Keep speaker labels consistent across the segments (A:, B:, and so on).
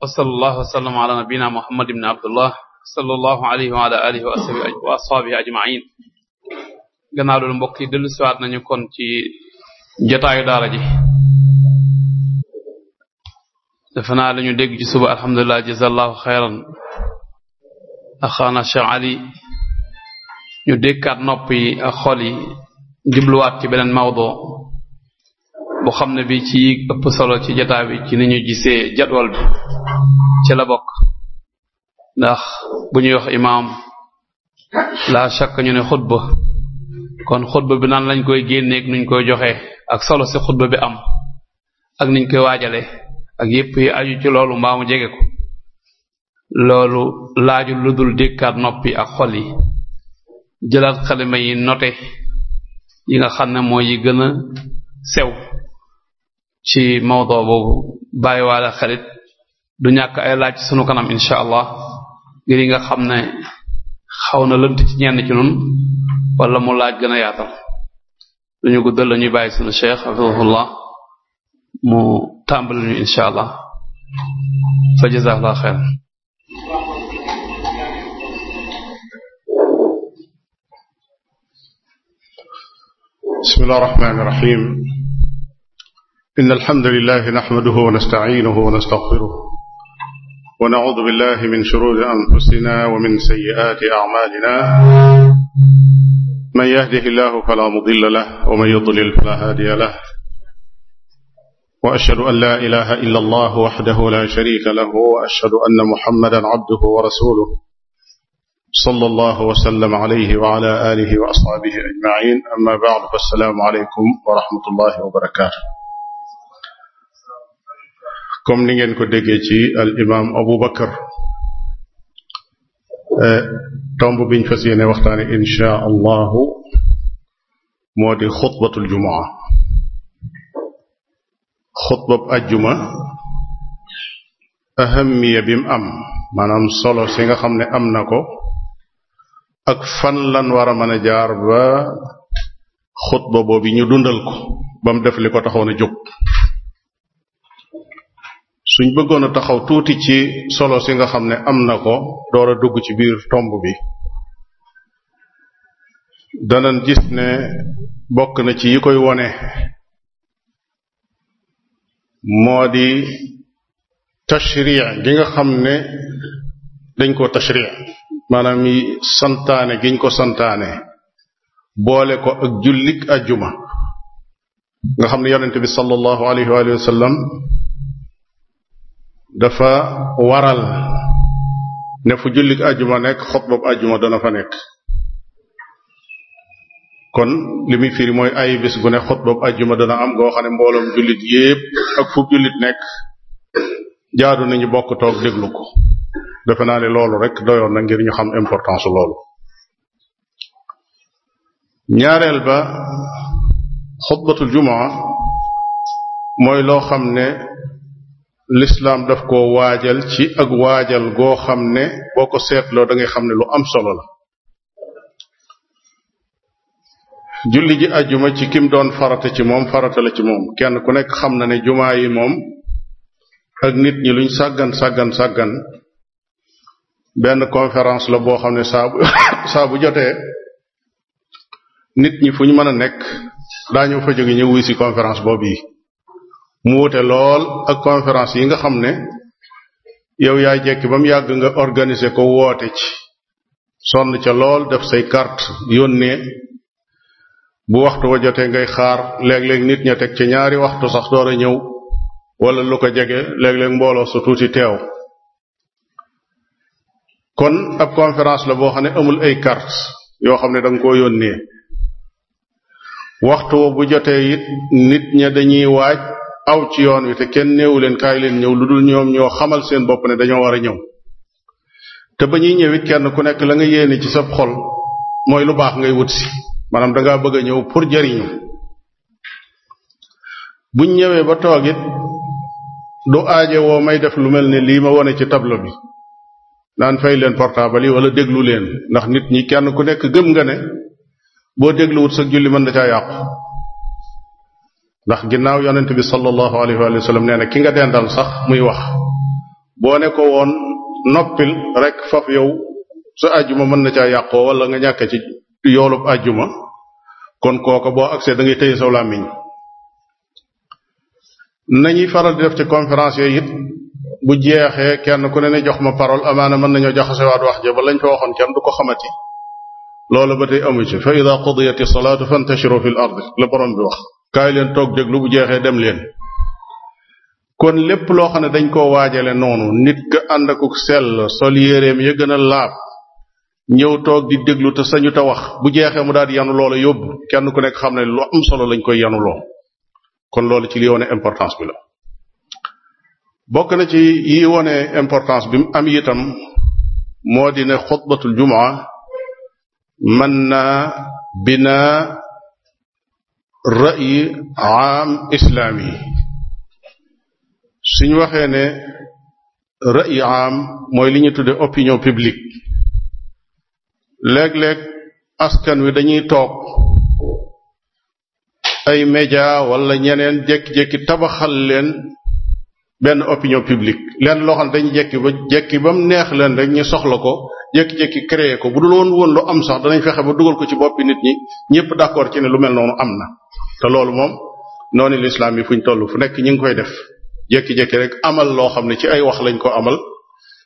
A: wa sallallahu wa sallam ala nabina muhammad ibn abdullah sallallahu alayhi wa ala alihi wa ashabihi ajma'in gannaaw loolu mbokk yi dellu siwaat nañu kon ci jotaayu daal ji defe naa lañu dégg ci suba alhamdulilah jazallahu xayran axaana Cheikh Ali ñu dékkaat noppi yi ak yi jubluwaat ci beneen mawdo bu xam ne bi ci ëpp solo ci jataa bi ci ni ñu gisee jadwal bi ci la bokk ndax bu ñuy wax imaam la shakk ñu ne xutba kon xutba bi naan lañ koy génneeg nuñ koy joxe ak solo si xutba bi am ak niñ koy waajale ak yépp yi aju ci loolu mbaamu jege ko loolu laaju lu dul dékkaat noppi ak xol yi jëlaat xalima yi note yi nga xam ne mooy yi gën a sew ci mawdo boobu bàyyiwaale xarit du ñàkk ay laaj sunu kanam incha allah ngir yi nga xam ne xaw na lënt ci ñenn ci nun wala mu laaj gën a yaatal duñu guddal lañuy bàyyi sunu cheikh hafidahullah mu tàmbali ñu incha allah fa jazakallah xeyran
B: bismillah rahmaani rahim inna alhamdulilah nahmaduhu wa nasta'inuhu wa nastaghfiruh ونعوذ بالله من شرور أنفسنا ومن سيئات أعمالنا من يهده الله فلا مضل له ومن يضلل فلا هادي له وأشهد أن لا إله إلا الله وحده لا شريك له وأشهد أن محمدا عبده ورسوله صلى الله وسلم عليه وعلى آله وأصحابه أجمعين أما بعد فالسلام عليكم ورحمة الله وبركاته comme li ngeen ko déggee ci al imaam Abu Bakar eh, tomb biñ fas yéene waxtaane insha allahu moo di xutbatul jumaa xutbab ajjuma ahamiya bim am maanaam solo si nga xam ne am na ko ak fan lan war a a jaar ba xutba boobu ñu dundal ko bam def ko taxoon a jóg suñ bëggoon a taxaw tuuti ci solo si nga xam ne am na ko door a dugg ci biir tomb bi danan gis ne bokk na ci yi koy wone moo di tashric gi nga xam ne dañ ko tashric maanaam yi santaane giñ ko santaane boole ko ak jullik ajjuma nga xam ne yonente bi sallallahu alayhi wa dafa waral ne fu jullit ajuma nekk xutbab ajuma dana fa nekk kon li mooy ay bis gu ne xutbab ajuma dana am goo xam ne mbooloom jullit yépp ak fu jullit nekk jaadu nañu bokk toog déglu ko defe naa ne loolu rek doyoon na ngir ñu xam importance loolu ñaareel ba xutbatul jumaa mooy loo xam ne lislaam daf koo waajal ci ak waajal goo xam ne boo ko seetloo da ngay xam ne lu am solo la julli ji ajjuma ci kim doon farata ci moom farata la ci moom kenn ku nekk xam na ne jumaa yi moom ak nit ñi luñ sàggan sàggan sàggan benn conférence la boo xam ne saa bu saa jotee nit ñi fu ñu mën a nekk daañu fa jóge ñëw wuy si conférence boobu yi mu wute lool ak conférence yi nga xam ne yow yaay jekki ba mu yàgg nga organise ko woote ci sonn ca lool def say carte yónnee bu waxtu wa jotee ngay xaar léeg-léeg nit ña teg ci ñaari waxtu sax door a ñëw wala lu ko jege léeg-léeg mbooloo su tuuti teew kon ab conférence la boo xam ne amul ay carte yoo xam ne danga ko yónnee waxtu wa bu jotee it nit ña dañuy waaj aw ci yoon wi te kenn néewu leen kaay leen ñëw lu dul ñoom ñoo xamal seen bopp ne dañoo war a ñëw te ba ñuy ñëwit kenn ku nekk la nga yéene ci sab xol mooy lu baax ngay wut si maanaam dangaa bëgg a ñëw pour jariñu buñ ñëwee ba toogit du aaje woo may def lu mel ne lii ma wone ci tablo bi naan fay leen portable yi wala déglu leen ndax nit ñi kenn ku nekk gëm nga ne boo dégluwut sa julli man na caa yàqu ndax ginnaaw yonent bi sallallahu alayhi wa sallam nee na ki nga dendal sax muy wax boo ne ko woon noppil rek faf yow sa ajjuma mën na caa yàqoo walla nga ñàkk ci yoolub ajjuma kon kooka boo agsee da ngay tëye saw làmmiñ nañuy faral di def ci conférence yooyu it bu jeexee kenn ku ne ne jox ma parole amaana mën nañoo jaxasewaat wax ja ba lañ fa waxoon kenn du ko xamati loolu ba tey amu ci fa ida qudiyat salaatu fantashiru fil ardi la borom bi wax kaay leen toog déglu bu jeexee dem leen kon lépp loo xam ne dañ koo waajale noonu nit ka ànd akuk sell sol yéreem ya gën a laab ñëw toog di déglu te sañu te wax bu jeexee mu daal di yanu loola yóbbu kenn ku nekk xam ne lu am solo lañ koy yanu loo kon loolu ci li wone importance bi ci yi importance bi mu am itam moo di ne xutbatul jumaa mën na ra'yi aam islaami suñ waxee ne ra'yi aam mooy li ñu tuddee opinion publique léeg-léeg askan wi dañuy toog ay média wala ñeneen jékki-jékki tabaxal leen benn opinion publique leen loo xam dañu jékki ba jékki ba mu neex leen rek ñu soxla ko jekki jékki créé ko bu dul woon woon lu am sax danañ fexe ba dugal ko ci boppi nit ñi ñëpp d'accord ci ne lu mel noonu am na te loolu moom noonu lislaam yi fu ñu toll fu nekk ñu ngi koy def jékki-jékki rek amal loo xam ne ci ay wax lañ ko amal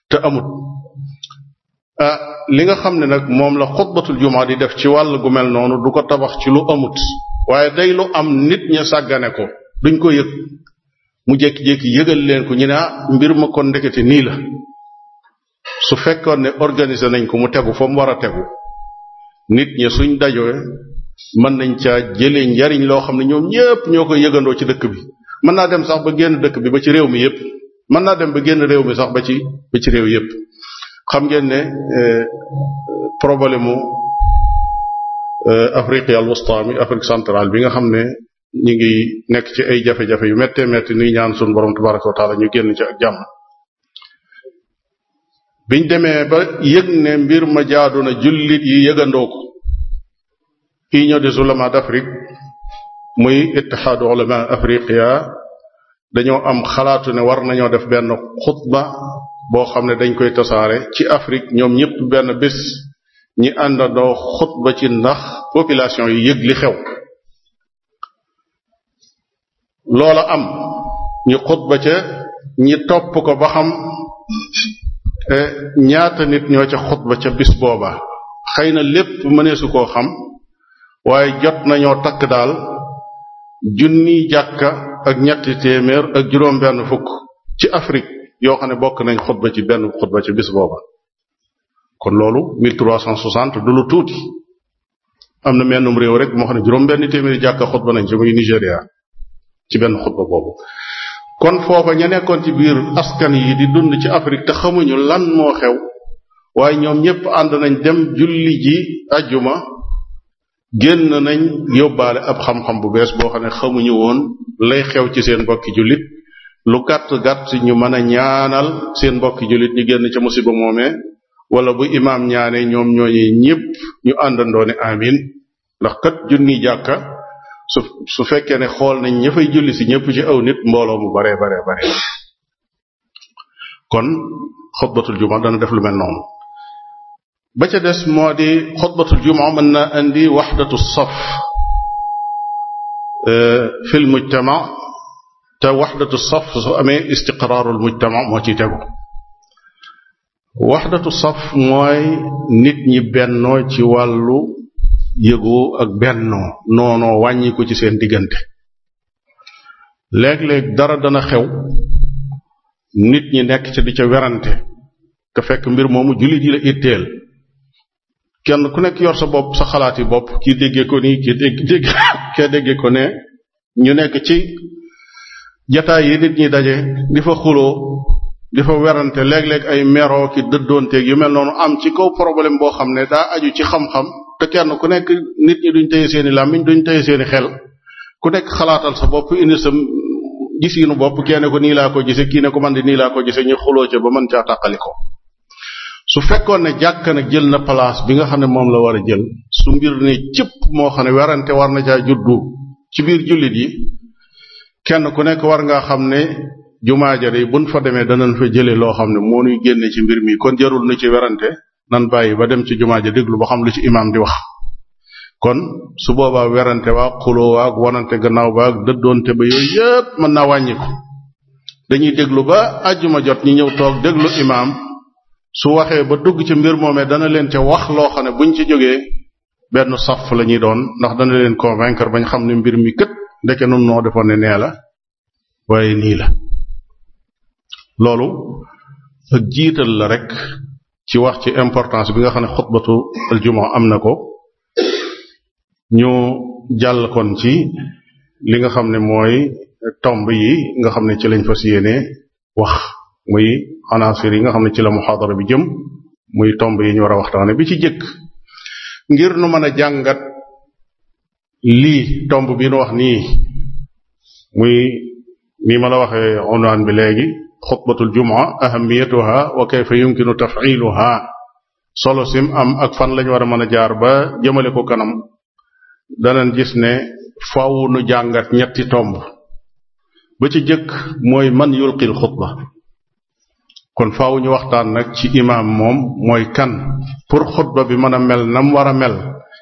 B: te amut ah li nga xam ne nag moom la xutbatul jumaa di def ci wàll gu mel noonu du ko tabax ci lu amut waaye day lu am nit ña sàggane ko duñ ko yëg mu jékki-jékki yëgal leen ko ñu ne ah mbir ma kon ndekete nii la su fekkoon ne organiser nañ ko mu tegu fa mu war a tegu nit ñi suñ dajoo mën nañ caa jëlee njariñ loo xam ne ñoom ñépp ñoo koy yëgandoo ci dëkk bi mën naa dem sax ba génn dëkk bi ba ci réew mi yépp mën naa dem ba génn réew mi sax ba ci ba ci réew yépp xam ngeen ne euh, problème mu euh, Afrique al wusta mi bi nga xam ne ñu ngi nekk ci ay jafe-jafe yu méttee métti nuy ñaan suñu borom tabaraka wa taala ñu génn ci ak jàmm biñ demee ba yëg ne mbir ma jaadu na jullit yi yëgandoo ko union des oulémas d'Afrique muy ittihaadu ulama afriqiya dañoo am xalaatu ne war nañoo def benn xutba boo xam ne dañ koy tasaare ci Afrique ñoom ñëpp benn bés ñi àndandoo xutba ci ndax population yi yëg li xew loola am ñu xutba ca ñi topp ko ba xam eh, ñaata nit ñoo ca xutba ca bis booba xëy na lépp mëneesu koo xam waaye jot nañoo takk daal junniy jàkka ak ñetti téeméer ak juróom benn fukk ci Afrique yoo xam ne bokk nañ xutba ci benn xutba ci bis booba kon loolu 1360 du lu tuuti am na mennum réew rek moo xam ne juróom benn téeméeri jàkka xutba nañ ci muy Nigéria ci benn xutba boobu kon foofa ña nekkoon ci biir askan yi di dund ci Afrique te xamuñu lan moo xew waaye ñoom ñépp ànd nañ dem julli ji ajjuma génn nañ yóbbaale ab xam-xam bu bees boo xam ne xamuñu woon lay xew ci seen mbokki jullit lu gàtt gàtt ñu mën a ñaanal seen mbokki jullit ñu génn ca musiba moomee wala bu imaam ñaane ñoom ñooñee ñépp ñu àndandoone amin ndax kat junni jàkka su su fekkee ne xool nañ ña fay julli si ñépp ci aw nit mbooloo mu bare bare bare kon xutbatul juma dana def lu mel noonu ba ca des moo di xutbatul jumaa mën naa indi waxdatu saf euh, fi l te waxdatu saf su amee istiqraarul mujtama moo ciy tegu waxdatu saf mooy nit ñi bennoo ci wàllu yëgoo ak bennoo noonoo wàññiku ci seen diggante léeg-léeg dara dana xew nit ñi nekk ca di ca werante te fekk mbir moomu jullit yi la itteel kenn ku nekk yor sa bopp sa xalaat yi bopp kii déggee ko ni kii dégg dégg kee déggee ko ne ñu nekk ci jataay yi nit ñi daje di fa xuloo di fa werante léeg-léeg ay meroo ki dëddoonteeg yu mel noonu am ci kaw problème boo xam ne daa aju ci xam-xam te kenn ku nekk nit ñi duñ tëye seeni làmmiñ duñ tëye seeni xel ku nekk xalaatal sa bopp indi sa gisiinu bopp kenn ko nii laa ko gise kii ne ko man di nii laa ko gise ñu xuloo ca ba mën caa tàqali ko su fekkoon ne jàkka nag jël na place bi nga xam ne moom la war a jël su mbir ne cëpp moo xam ne werante war na caa juddu ci biir jullit yi kenn ku nekk war ngaa xam ne jumaa ja day buñ fa demee danañ fa jëlee loo xam ne moo nuy génne ci mbir mi kon jarul nu ci werante nan bàyyi ba dem ci jumaa ja déglu ba xam lu ci imaam di wax kon su boobaa werante waa xuloo waag wanante gannaaw baag dëddoonte ba yooyu yépp mën naa wàññi ko dañuy déglu ba àjjuma jot ñu ñëw toog déglu imaam su waxee ba dugg ci mbir moomee dana leen ca wax loo xam ne buñ ci jógee benn saf la ñuy doon ndax dana leen convaincre bañ xam ne mbir mi kët ndekke nun noo defoon ne nee la waaye nii la loolu ak jiital la rek ci wax ci importance bi nga xam ne xutbatu aljuma am na ko ñu jàll kon ci li nga xam ne mooy tomb yi nga xam ne ci lañ fas yéene wax muy anaasir yi nga xam ne ci la muxaadara bi jëm muy tomb yi ñu war a waxtaane bi ci jëkk ngir nu mën a jàngat lii tomb bi nu wax nii muy nii ma la waxee unwaan bi léegi xutbatul jumaa ahamiyatuha wa kayfa yumkinu tafciluha solo sim am ak fan lañu war a mën a jaar ba jëmale ko kanam danañ gis ne faaw nu jàngat ñetti tomb bu ci jëkk mooy man yulqil xutba kon faaw ñu waxtaan nag ci imaam moom mooy kan pour xutba bi mën a mel nam war a mel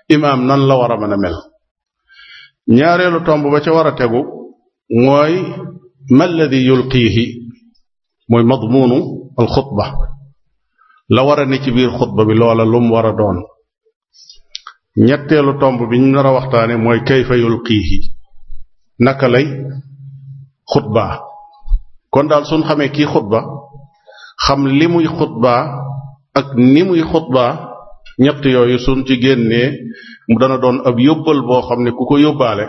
B: imaam nan la war a mën a mel ñaareelu tomb ba ca war a tegu mooy ma alladi yulqiihi mooy madmuunu al xutba la war a ne ci biir xutba bi loola lum war a doon ñetteelu tomb bi ñu nar a waxtaane mooy kayfa yulqiihi naka lay xutba kon daal suñ xamee kii xutba xam li muy xutbaa ak ni muy xutbaa ñett yooyu suñ ci génnee mu dana doon ab yóbbal boo xam ne ku ko yóbbaale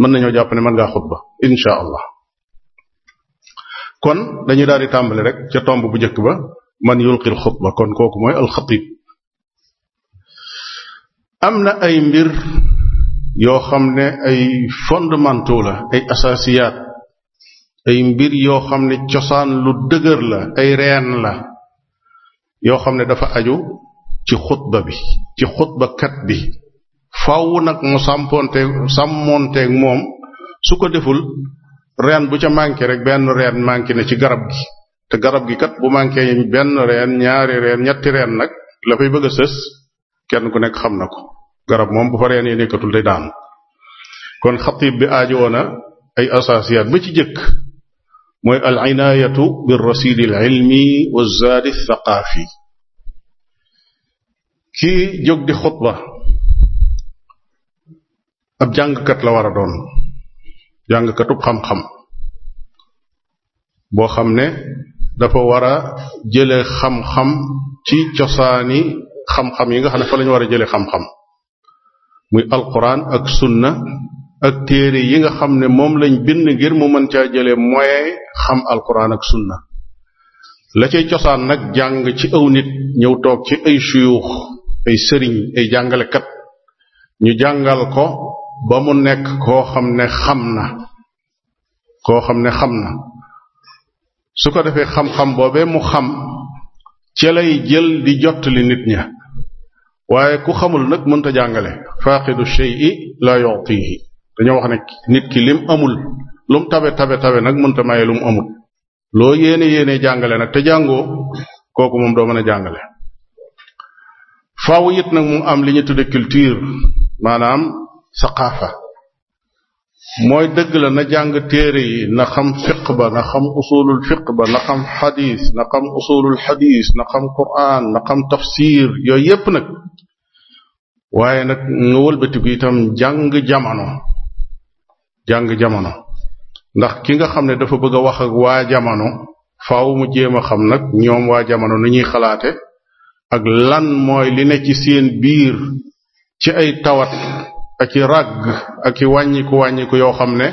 B: mën nañoo jàpp ne mën ngaa xutba insha allah kon dañuy daal di tàmbali rek ca tomb bu njëkk ba man yulqil xutba kon kooku mooy alxatib am na ay mbir yoo xam ne ay fondamentaux la ay asasiyaat ay mbir yoo xam ne cosaan lu dëgër la ay reen la yoo xam ne dafa aju ci xutba bi ci xutba kat bi faaw nag mu sàmponte moom su ko deful reen bu ca manqué rek benn reen manqué ne ci garab gi te garab gi kat bu manqué benn reen ñaari reen ñetti reen nag la fay bëgg a sës kenn ku nekk xam na ko garab moom bu fa reen yi nekkatul day daanu kon xatib bi aajoona ay assasiyaat ba ci jëkk mooy al inaayatu bir rasidi al ilmi wa zaadi thaqaafi kii jóg di xutba ab jàngkat la war a doon jàngkatub xam-xam boo xam ne dafa war a jële xam-xam ci cosaani xam-xam yi nga xam ne fa lañu war a jële xam-xam muy alquran ak sunna ak téere yi nga xam ne moom lañ bind ngir mu mën caa jëlee moyen xam alquran ak sunna la cay cosaan nag jàng ci aw nit ñëw toog ci ay suyuux ay sëriñ ay jàngalekat ñu jàngal ko ba mu nekk koo xam ne xam na koo xam ne xam na su ko defee xam-xam boobee mu xam ci lay jël di jottali nit ña waaye ku xamul nag mënta jàngale faaqidu shay'i la yu'tihi dañoo wax ne nit ki lim amul lum tabe tabe tabe nag mënta maye lum amul loo yéene yéene jàngale nag te jàngoo kooku moom doo mën a jàngale. faaw it nag mu am li ñu tudde culture maanaam saqaafa mooy dëgg na jàng téere yi na xam fiq ba na xam usulul fiq ba na xam xadis na xam usulul xadis na xam Qur'an na xam tafsir yooyu yépp nag waaye nag nga wëlbatiku itam jàng jamono. jàng jamono ndax ki nga xam ne dafa bëgg a wax ak waa jamono faaw jéem a xam nag ñoom waa jamono nu ñuy xalaate ak lan mooy li ne ci seen biir ci ay tawat ak i ràgg ak wàññiku wàññiku yoo xam ne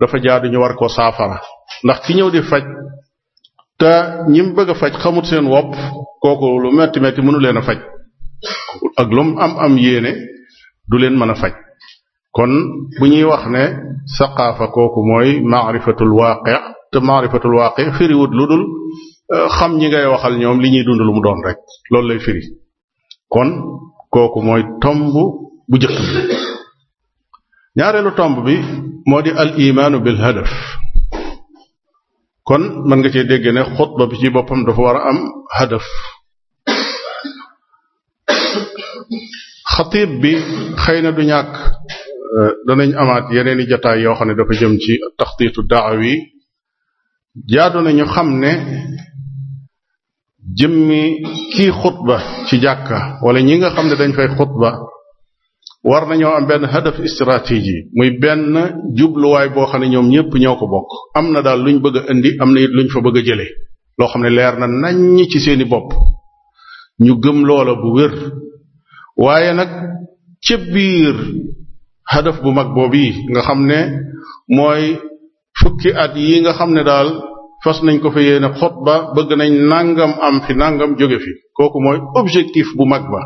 B: dafa jaadu ñu war koo saafara ndax ki ñëw di faj te ñim bëgg a faj xamut seen wopp kooku lu metti metti mënu leen a faj ak lum am am yéene du leen mën a faj kon bu ñuy wax ne saqaafa kooku mooy maarifatul waaqi te maarifatul waaqi firiwut lu dul euh, xam ñi ngay waxal ñoom li ñuy dund lu mu doon rek loolu lay firi kon kooku mooy tomb bu jëkk ñaareelu tomb bi moo di al imaanu bil hadaf kon mën nga cee dégg ne xutba bi ci boppam dafa war a am hadaf xatib bi xëy na du ñàkk Euh, danañ amaat yeneen i jataay yoo xam ne dafa jëm ci taxtiitu daawi jaadu ñu xam ne jëmmi kii xutba ci jàkka wala ñi nga xam ne dañ fay xutba war nañoo am benn hadaf stratégie muy benn jubluwaay boo xam ne ñoom ñëpp ñoo ko bokk am na daal luñ bëgg indi am na it luñ fa bëgg a jëlee loo xam ne leer na naññ ci seeni bopp ñu gëm loola bu wér waaye nag ca biir hadaf bu mag boobu nga xam ne mooy fukki at yi nga xam ne daal fas nañ ko fa yéene ba bëgg nañ nangam am fi nangam jóge fi kooku mooy objectif bu mag ba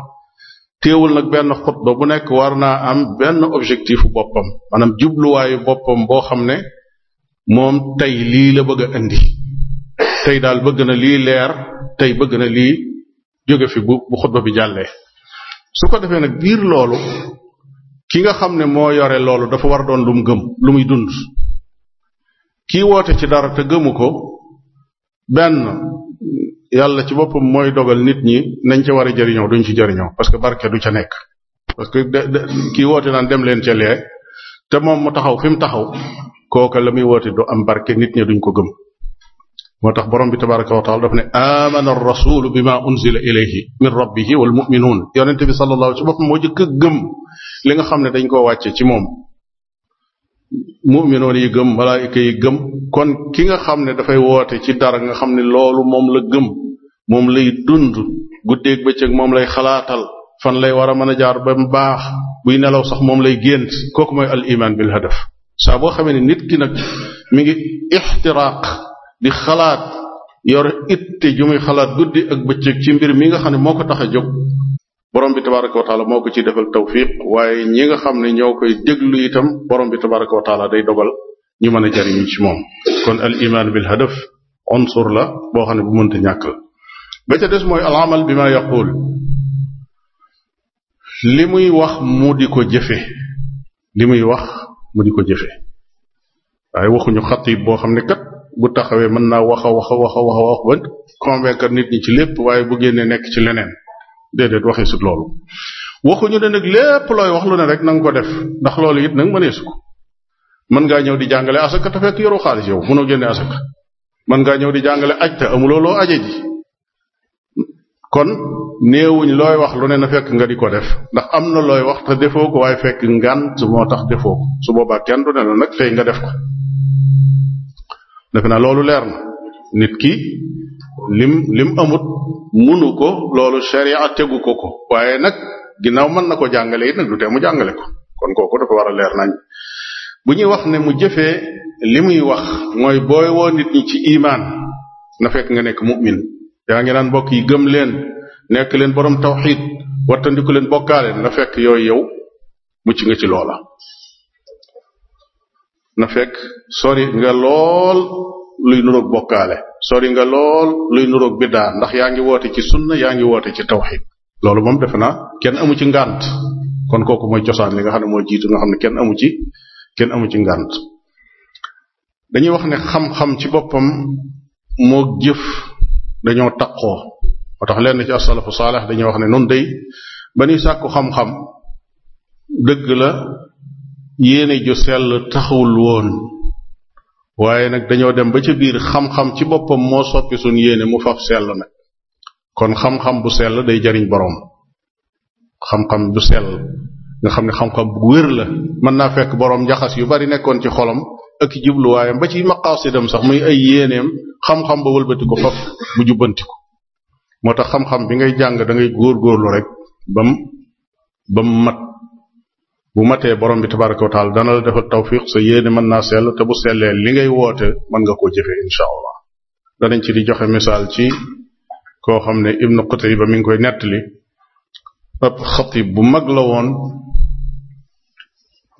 B: teewul nag benn xutba bu nekk war naa am benn objectif boppam maanaam jubluwaayu boppam boo xam ne moom tey lii la bëgg a indi tey daal bëgg na lii leer tey bëgg na lii jóge fi bu bu xutba bi jàllee su ko defee nag biir loolu ki nga xam ne moo yore loolu dafa war doon lu gëm lu muy dund kii woote ci dara te gëmu ko benn yàlla ci boppam mooy dogal nit ñi nañ ca war a jëriñoo duñ ci jëriñoo parce que barke du ca nekk parce que kii woote naan dem leen ca lee te moom mu taxaw fi mu taxaw kooka la muy woote du am barke nit ñi duñ ko gëm moo tax borom bi tabaraka wa taala daf ne amana ar-rasulu bima unzila ilayhi min rabbihi wal mu'minun yonente bi sallallahu ci boppam moo jëkk a gëm li nga xam ne dañ koo wàcce ci moom mu'minoon yi gëm malaayika yi gëm kon ki nga xam ne dafay woote ci dara nga xam ne loolu moom la gëm moom lay dund guddeeg bëccëg moom lay xalaatal fan lay war a mën a jaar ba mu baax buy nelaw sax moom lay génn kooku mooy al iman bil hadaf saa boo xamee ne nit ki nag mi ngi ixtiraaq di xalaat yor itte ju muy xalaat guddi ak bëccëg ci mbir mi nga xam ne moo ko tax a jóg borom bi tabaraka wa taala moo ko ci defal tawfiq waaye ñi nga xam ne ñoo koy déglu itam borom bi tabaraka wa taala day dogal ñu mën a jariñu ci moom kon al iman bil hadaf unsur la boo xam ne bu mënta ñàkk la ba mooy al amal bi ma yaqul li muy wax mu ko jëfe li muy wax mu ko jëfe waaye waxuñu xatib boo xam ne kat bu taxawee mën naa wax a wax a wax a wax a wax ba convaincre nit ñi ci lépp waaye bu génnee nekk ci leneen déedéet waxee sut loolu waxuñu ne nag lépp looy wax lu ne rek na ko def ndax loolu it nag mëneesu ko mën ngaa ñëw di jàngale asaka te fekk yoru xaalis yow mënoo génne asaka mën ñëw di jàngale aj te amuloo loo aje ji kon néewuñ looy wax lu ne na fekk nga di ko def ndax am na looy wax te defoo ko waaye fekk ngant moo tax defoo ko su boobaa kenn du ne la nag tey nga def ko defe naa loolu leer na nit ki lim lim amut munu ko loolu sharia tegu ko ko waaye nag ginnaaw mën na ko jàngale it nag du tee mu jàngale ko kon kooku dafa war a leer nañ bu ñuy wax ne mu jëfee li muy wax mooy booy woo nit ñi ci imaan na fekk nga nekk mu'min yaa ngi naan mbokk yi gëm leen nekk leen borom tawxid wattandiku leen bokkaale na fekk yooyu yow mucc nga ci loola na fekk sori nga lool luy nuroog bokkaale sori nga lool luy nuroog biddaa ndax yaa ngi woote ci sunna yaa ngi woote ci tawxid loolu moom defe naa kenn amu ci ngànt kon kooku mooy cosaan li nga xam ne moo jiitu nga xam ne kenn amu ci kenn amu ci ngànt dañuy wax ne xam-xam ci boppam moo jëf dañoo taqoo moo tax lenn ci asalafu saalex dañuy wax ne noonu day ba ñuy sàkku xam-xam dëgg la yéene ju sell taxawul woon waaye nag dañoo dem ba ca biir xam-xam ci boppam moo soppi suñ yéene mu faf sell nag kon xam-xam bu sell day jariñ boroom xam-xam bu sell nga xam ne xam-xam bu wér la mën naa fekk boroom njaxas yu bari nekkoon ci xolam ak jubluwaayam ba ci maqaasidam sax muy ay yéeneem xam-xam ba wëlbati ko faf bu jubbanti moo tax xam-xam bi ngay jàng da ngay góorgóorlu rek bam bam mat bu matee borom bi tabaraka wa taala dana la defal tawfiq sa yéene mën na sell te bu sellee li ngay woote mën nga koo jëfee incha allah danañ ci di joxe misaal ci koo xam ne ibnu Qutayba mi ngi koy nettali ab xatib bu mag la woon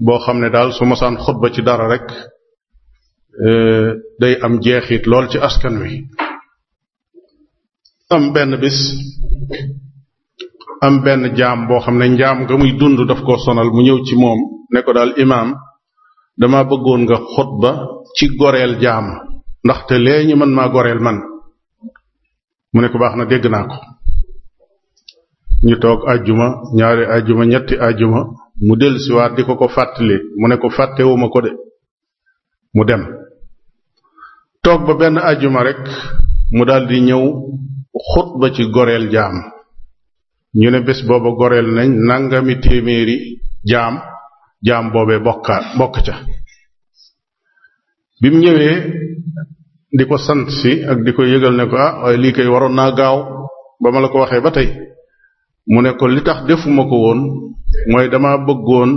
B: boo xam ne daal su masaan ba ci dara rek e, day am jeexit lool ci askan wi am benn bis am benn jaam boo xam ne njaam nga muy dund daf koo sonal mu ñëw ci moom ne ko daal imaam dama bëggoon nga ba ci goreel jaam ndaxte lee ñi man maa goreel man mu ne ko baax na dégg naa ko ñu toog ajjuma ñaari ajjuma ñetti ajjuma mu dellusiwaat di ko ko fàttali mu ne ko fàttewuma ko de mu dem toog ba benn ajjuma rek mu daldi ñëw ba ci goreel jaam ñu ne bés booba goreel nañ nangami téeméeri jaam jaam boobee bokkaat bokk ca bi mu ñëwee di ko sant si ak di ko yëgal ne ko ah waaye lii koy waroon naa gaaw ba ma la ko waxee ba tey mu ne ko li tax defuma ko woon mooy dama bëggoon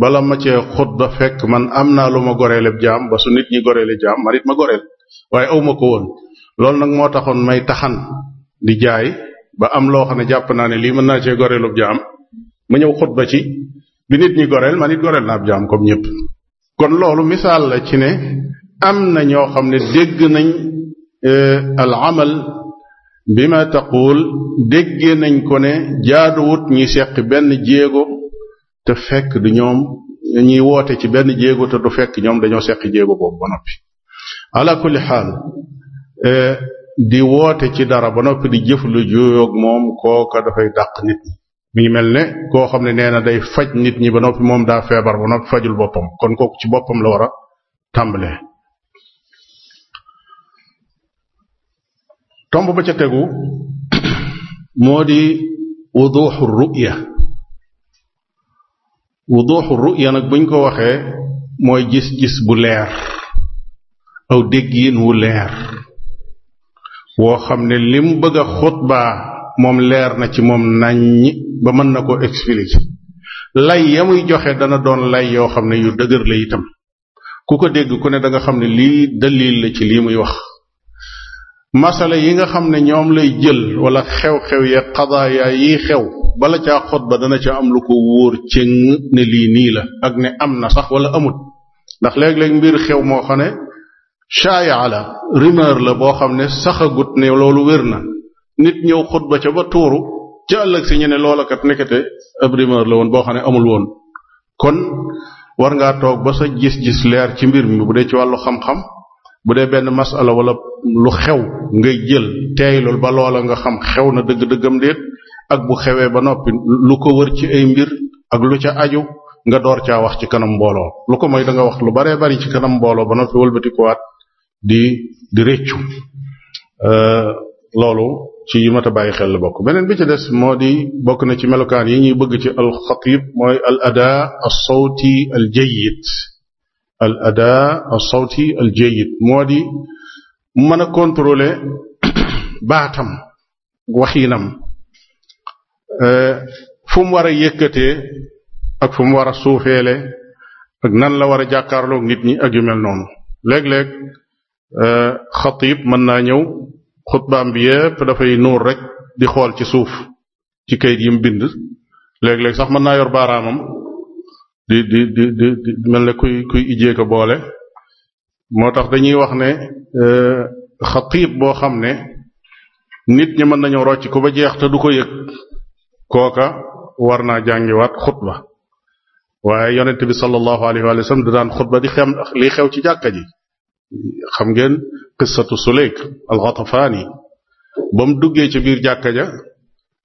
B: bala ma cee xutba fekk man am naa lu ma goreeleb jaam ba su nit ñi goreele jaam man it ma goreel waaye awma ko woon loolu nag moo taxoon may taxan di jaay ba am loo xam ne jàpp naa ne lii mën naa cee goreelub jaam ma ñëw xutba ci bi nit ñi goreel man it goreel naa ab jaam comme ñëpp. kon loolu misaal la ci ne am na ñoo xam ne dégg nañ e, al amal bi ma taqul déggee nañ ko ne jaaduwut ñi seq benn jéego te fekk du ñoom ñi woote ci benn jéego te du fekk ñoom dañoo seq jéego boobu ba noppi kulli xaal e, di woote ci dara ba noppi di jëf lu juyoog moom kooka dafay dàq nit ñi mi ngi mel ne koo xam ne nee na day faj nit ñi ba noppi moom daa feebar ba noppi fajul boppam kon kooku ci boppam la war a tàmbalee tomb ba ca tegu moo di wuduxu ru'ya wuduxu ru'ya nag buñ ko waxee mooy gis-gis bu leer aw déggiin wu leer woo xam ne li mu bëgg a xutbaa moom leer na ci moom naññi ba mën na ko expliquer lay ya muy joxe dana doon lay yoo xam ne yu dëgër la itam ku ko dégg ku ne da nga xam ne lii dalil la ci lii muy wax masala yi nga xam ne ñoom lay jël wala xew-xew ya qadaaya yi xew bala caa xutba dana ca am lu ko wóor cëng ne lii nii la ak ne am na sax wala amut ndax léeg-léeg mbir xew moo xam ne shaayaa la rumeur la boo xam ne saxagut ne loolu wér na nit ñëw xutba ca ba tuuru ca ëllëg si ñu ne loolakat nekkate ab rumeur la woon boo xam ne amul woon kon war ngaa toog ba sa gis-gis leer ci mbir mi bu dee ci wàllu xam-xam bu dee benn masala wala lu xew ngay jël teey loolu ba loola nga xam xew na dëgg-dëggam déet ak bu xewee ba noppi lu ko wër ci ay mbir ak lu ca aju nga door caa wax ci kanam mbooloo lu ko mooy danga nga wax lu baree bari ci kanam mbooloo ba noppi wëlbatikuwaat di di réccu euh, loolu ci yi bàyyi xel la bokk beneen bi ci des moo di bokk na ci melokaan yi ñuy bëgg ci alxatib mooy al ada as-sawti al jayyid al ada as-sawti al jayyid moo di mën a contrôler baatam waxiinam euh, fu mu war a yëkkatee ak fu mu war a suufeele ak nan la war a jàkkaarloog nit ñi ak yu mel noonu léeg-léeg Euh, xatib mën naa ñëw xutbaam bi yépp dafay nuur rek di xool ci suuf ci kayit yi bind léeg-léeg sax mën naa yor baaraamam di di di mel ne kuy kuy ijjee ko boole moo tax dañuy wax ne euh, xatib boo xam ne nit ñi mën nañoo rocc ko ba jeex te du ko yëg kooka war naa jàngiwaat xutba waaye yonent bi sallallahu alayhi wa sallam da daan xutba di xem li xew ci jàkka ji xam ngeen qissatu Sulayk al-Ghatafani ba mu duggee ca biir jàkka ja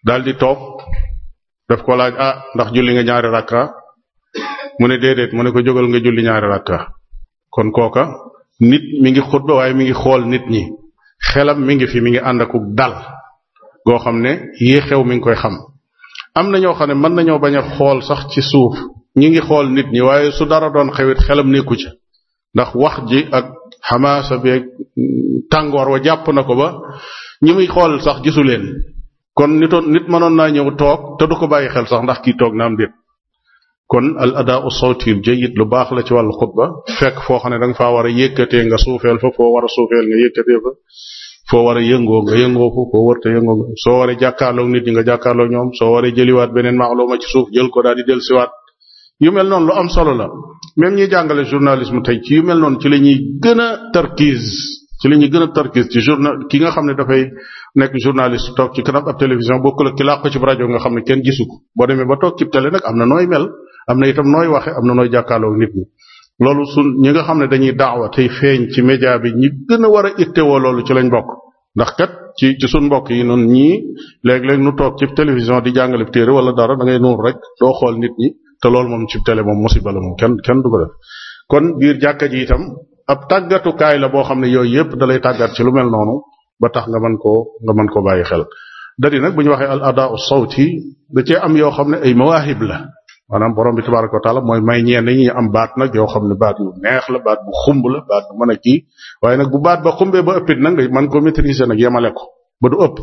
B: dal di toog daf ko laaj ah ndax julli nga ñaari rakka mu ne déedéet mu ne ko jógal nga julli ñaari rakka kon kooka nit mi ngi xutba waaye mi ngi xool nit ñi xelam mi ngi fi mi ngi ànd akuk dal goo xam ne yii xew mi ngi koy xam am na ñoo xam ne mën nañoo bañ a xool sax ci suuf ñi ngi xool nit ñi waaye su dara doon xewit xelam nekku ci ndax wax ji ak xamaasa beeg mm, tàngoor wa jàpp na ko ba ñi muy xool sax gisu leen kon nitoon nit mënoon naa ñëw toog te du ko bàyyi xel sax ndax kii toog na am déet kon al adaa sawti al jayyid lu baax la ci wàllu ba fekk foo xam ne danga fa war a yëkkatee nga suufeel fa foo war a suufeel nga yëkkatee fa foo war a yëngoo nga yëngoo fa foo warta yëngoo soo waree jàkkaarloog nit ñi nga jàkkaarloog ñoom soo waree jëliwaat beneen maaluuma ci suuf jël ko daal di dellusiwaat yu mel noonu lu am solo la même ñi jàngale journalisme tey ci yu mel noonu ci la ñuy gën a tarkiis ci la ñuy gën a tarkiis ci journal ki nga xam ne dafay nekk journaliste toog ci kanam ab télévision bokkul ak ki làq ci rajo nga xam ne kenn gisu ko boo demee ba toog ci télé am na nooy mel am na itam nooy waxe am na nooy jàkkaarloo nit ñi loolu su ñi nga xam ne dañuy daawa tey feeñ ci média bi ñi gën a war a ittewoo loolu ci lañ bokk ndax kat ci ci sun mbokk yi noonu ñi léeg-léeg nu toog ci télévision di jàngale téere wala dara da ngay nuur rek doo xool nit ñi te loolu moom ci télé moom musiba la moom kenn kenn du ko kon biir jàkka ji itam ab tàggatukaay la boo xam ne yooyu yëpp dalay tàggat ci lu mel noonu ba tax nga man koo nga mën koo bàyyi xel dadi nag bu ñu waxee al adaa sawti da cee am yoo xam ne ay mawaahib la maanaam borom bi tabaraka wa taala mooy may ñeen ñi am baat nag yoo xam ne baat yu neex la baat bu xumb la baat bu mën a kii waaye nag bu baat ba xumbee ba ëppit nag nga mën ko maîtriser nag yemale ko ba du ëpp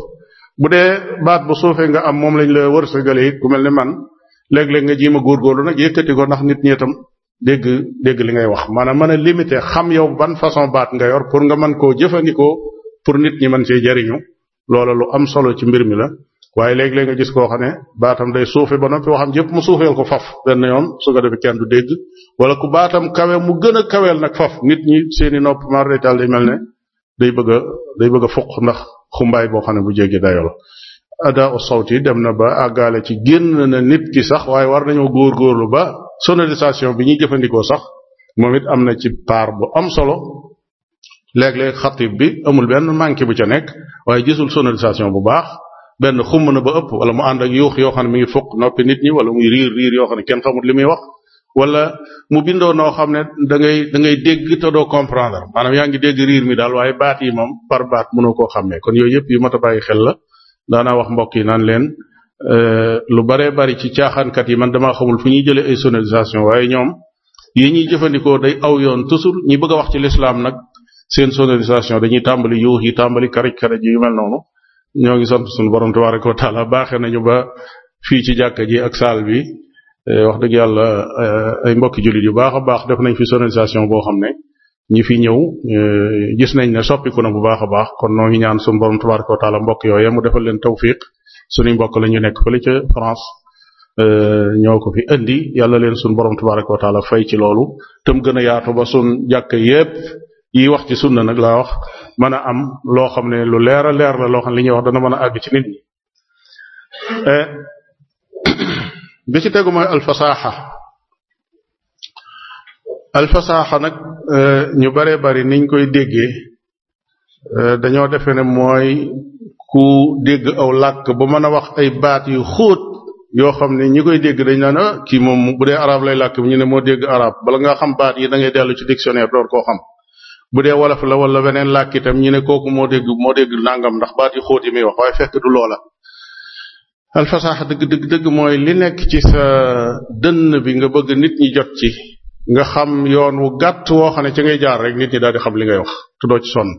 B: bu dee baat bu suufee nga am moom lañ la wërsëgale it ku mel ne man léegi léeg nga jéem góor góorgóorlu nag yëkkati ko ndax nit ñi itam dégg dégg li ngay wax maanaam mën a limité xam yow ban façon baat nga yor pour nga man koo jëfandikoo pour nit ñi mën cee jariñu loola lu am solo ci mbir mi la waaye léegi léeg nga gis koo xam ne baatam day suufe ba noppi waxam yëpp mu suufeel ko faf benn yoon su ko defee kenn du dégg wala ku baatam kawe mu gën a kaweel nag faf nit ñi seeni nopp maar day taal day mel ne day bëgg day bëgg a fuq ndax xumbaay boo xam ne bu jéggi dayo adaa sawti dem na ba àggaale ci génn na nit ki sax waaye war nañoo góor góorlu ba sonorisation bi ñuy jëfandikoo sax moom it am na ci paar bu am solo léeg-léeg xatib bi amul benn manqué bu ca nekk waaye gisul sonorisation bu baax benn xum na ba ëpp wala mu ànd ak yuux yoo xam ne mi ngi fukk noppi nit ñi wala muy riir riir yoo xam ne kenn xamut li muy wax wala mu bindoo noo xam ne da ngay da ngay dégg te doo comprendre maanaam yaa ngi dégg riir mi daal waaye baat yi moom par baat koo xàmmee kon yooyu yëpp yu mat bàyyi xel la daanaa wax mbokk yi naan leen euh, lu baree bari ci caaxaankat yi man damaa xamul fi ñuy jëlee ay sonorisation waaye ñoom yi ñuy jëfandikoo day aw yoon toujours ñi bëgg a wax ci lislaam nag seen sonorisation dañuy tàmbali yuux yi tàmbali karaj karaj yu mel noonu ñoo ngi sant suñu borom tabaraka wa taala baaxee nañu ba fii ci jàkka ji ak saal bi euh, wax dëgg yàlla euh, ay mbokki jullit yu baax a baax def nañ fi sonorisation boo xam ne ñi fi ñëw eh, gis nañ ne soppiku na bu baax a baax kon noo ngi ñaan suñu borom tabaraka wa taala mbokk yooye mu defal leen tawfiq suñuy mbokk la ñu nekk fële ca France eh, ñoo ko fi indi yàlla leen suñu borom tabaraka wa taala fay ci loolu tam gën a yaatu ba suñ jàkk yépp yi wax ci na nag laa wax mën a am loo xam ne lu leer a leer la loo xam ne li wax dana mën a àgg ci nit ñi eh, bi ci tegu mooy alfasaaxa nag euh, ñu bare bari niñ koy déggee euh, dañoo defe ne mooy ku dégg aw làkk ba mën a wax ay baat yu xóot yoo xam ne ñi koy dégg dañ naan ah, kii moom bu dee arab lay làkk bi ñu ne moo dégg arab bala nga xam baat yi da ngay dellu ci dictionnaire door koo xam bu dee wolof la wala beneen làkk itam ñu ne kooku moo dégg moo dégg nangam ndax baat yi xóot yi muy wax waaye fekk du loola alfasaax dëgg dëgg mooy li nekk ci sa dënn bi nga bëgg nit ñi jot ci nga xam yoon wu gàtt woo xam ne ci ngay jaar rek nit ñi daal di xam li ngay wax te doo ci sonn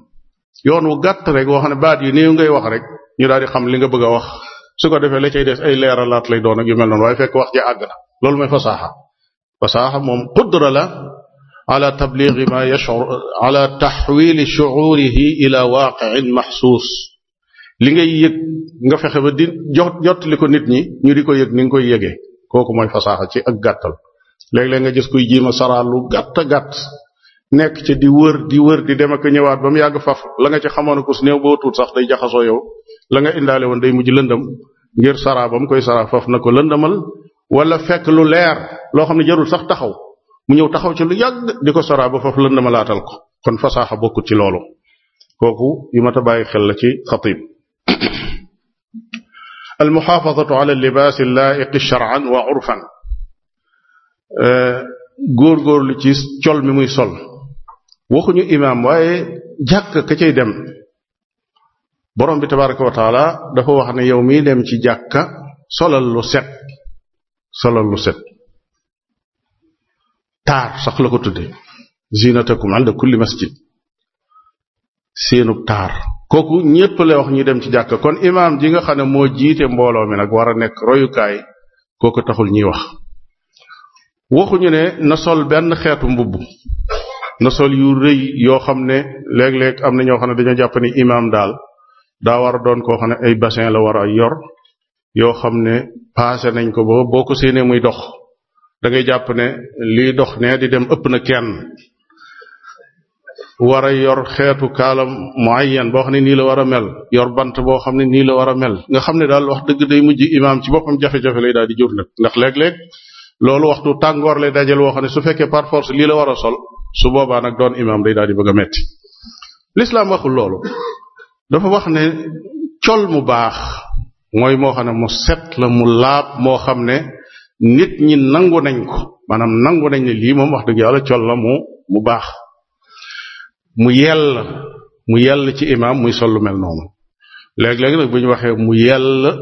B: yoon wu gàtt rek woo xam ne baat yu néew ngay wax rek ñu daal di xam li nga bëgg a wax su ko defee la cay des ay leeralaat lay doon ak yu mel noonu waaye fekk wax ja àgg na loolu mooy fasaaxa fasaaxa moom qudra la ala tabliigi ma yashur ala taxwili shuurihi ila waaqicin maxsuus li ngay yëg nga fexe ba di jot jotli ko nit ñi ñu di ko yëg ni nga koy yëgee kooku mooy fasaaxa ci ak gàttal léeg-léeg nga gis kuy jiim a lu gàtt gàtt nekk ca di wër di wër di dem ak ñëwaat ba mu yàgg faf la nga ci xamoon ko su néew boo tuut sax day jaxasoo yow la nga indaale woon day mujj lëndëm ngir saraa ba mu koy saraa faf na ko lëndëmal wala fekk lu leer loo xam ne jarul sax taxaw mu ñëw taxaw ci lu yàgg di ko saraa ba faf lëndëmalaatal ko kon fasaaxa bokkut ci loolu kooku yu mat bàyyi xel la ci xatib al muxaafadatu ala libaas laa'iq shar'an wa urfan góor euh, góorgóorlu ci col mi muy sol waxuñu imaam waaye jàkk ka cay dem borom bi tabaraka wa dafa wax ne yow miy dem ci jàkka solal lu set solal lu set taar sax la ko tudde zinatakum inda kulli masjid seenub taar kooku ñépp lay wax ñu dem ci jàkka kon imaam ji nga xam ne moo jiite mbooloo mi nag war a nekk royukaay kooku taxul ñuy wax waxuñu ne nasol benn xeetu mbubb na sol yu rëy yoo xam ne léeg-léeg am na ñoo xam ne dañoo jàpp ni imaam daal daa war a doon koo ne ay bassin la war a yor yoo xam ne passé nañ ko ba boo ko séenee muy dox da jàpp ne liy dox ne di dem ëpp na kenn war a yor xeetu kaalam muayyan boo xam ne nii la war mel yor bant boo xam ne nii la war a mel nga xam ne daal wax dëgg day mujj imaam ci boppam jafe-jafe lay daal di jur nag ndax léeg-léeg loolu waxtu tàngoor lay dajal woo xam ne su fekkee par force lii la war a sol su boobaa nag doon imaam day daal di bëgg a metti lislaam waxul loolu dafa wax ne col mu baax mooy moo xam ne mu set la mu laab moo xam ne nit ñi nangu nañ ko maanaam nangu nañ ne lii moom wax dëgg yàlla col la mu mu baax mu yell mu yell ci imaam muy sol lu mel noonu léeg-léeg nag bu ñu waxee mu yell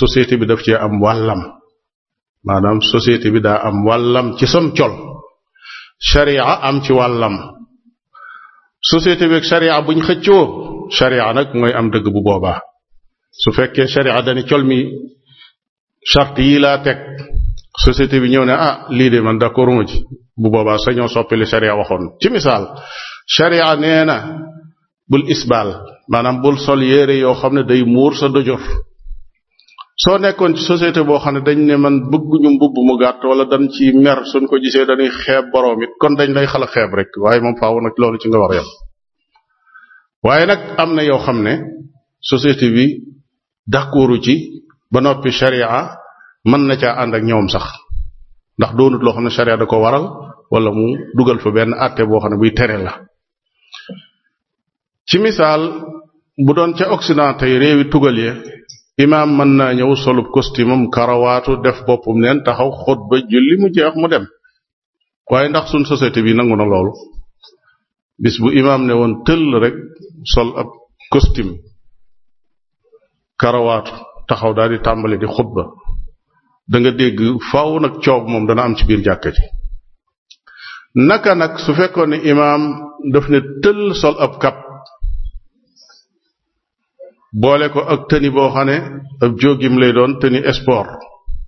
B: société bi daf ci am wàllam maanaam société bi daa am wàllam ci sam col sharia am ci wàllam société bi ak sharia buñ xëccoo sharia nag mooy am dëgg bu boobaa su fekkee sharia dani col mi charte yi laa teg société bi ñëw ne ah lii de man d'accord ma ci bu boobaa sañoo soppi li sharia waxoon ci misaal sharia nee na bul isbaal maanaam bul sol yére yoo xam ne day muur sa dojor soo nekkoon ci société boo xam ne dañ ne man bëgguñu mbubb mu gàtt wala dañ ci mer suñ ko gisee dañuy xeeb boroom it kon dañ lay xala xeeb rek waaye moom faaw nag loolu ci nga war a nag am na yoo xam ne société bi d'accordu ci ba noppi sharia mën na caa ànd ak ñoom sax ndax doonut loo xam ne sharia da ko waral wala mu dugal fa benn àtte boo xam ne buy tere la ci misaal bu doon ca Occident tey réewi tugal ya imaam mën naa ñëw solub kostimam karawaatu def boppum neen taxaw xutba julli mu jeex mu dem waaye ndax suñ société bi nangu na loolu bis bu imaam ne woon tëll rek sol ab kostim karawaatu taxaw daal di tàmbali di xutba da nga dégg faw nag coob moom dana am ci biir jàkka ji naka nag su fekkoon ne imaam daf ne tëll sol ab kap boole ko ak tëni boo xam ne ab jógim lay doon tëni sport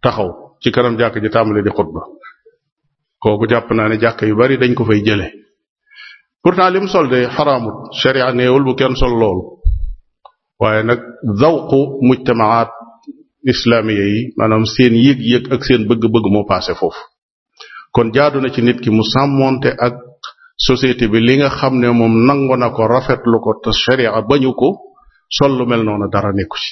B: taxaw ci kanam jàkk ji tàmbali di xutba kooku jàpp naa ne jàkk yu bari dañ ko fay jële pourtant lim sol de xaraamut sharia neewul bu kenn sol loolu waaye nag zawqu mujtamaat islamiya yi maanaam seen yëg-yëg ak seen bëgg-bëgg moo paase foofu kon jaadu na ci nit ki mu sàmmoonte ak société bi li nga xam ne moom nangu na ko rafetlu ko te sharia bañu ko sol lu mel noonu dara nekku ci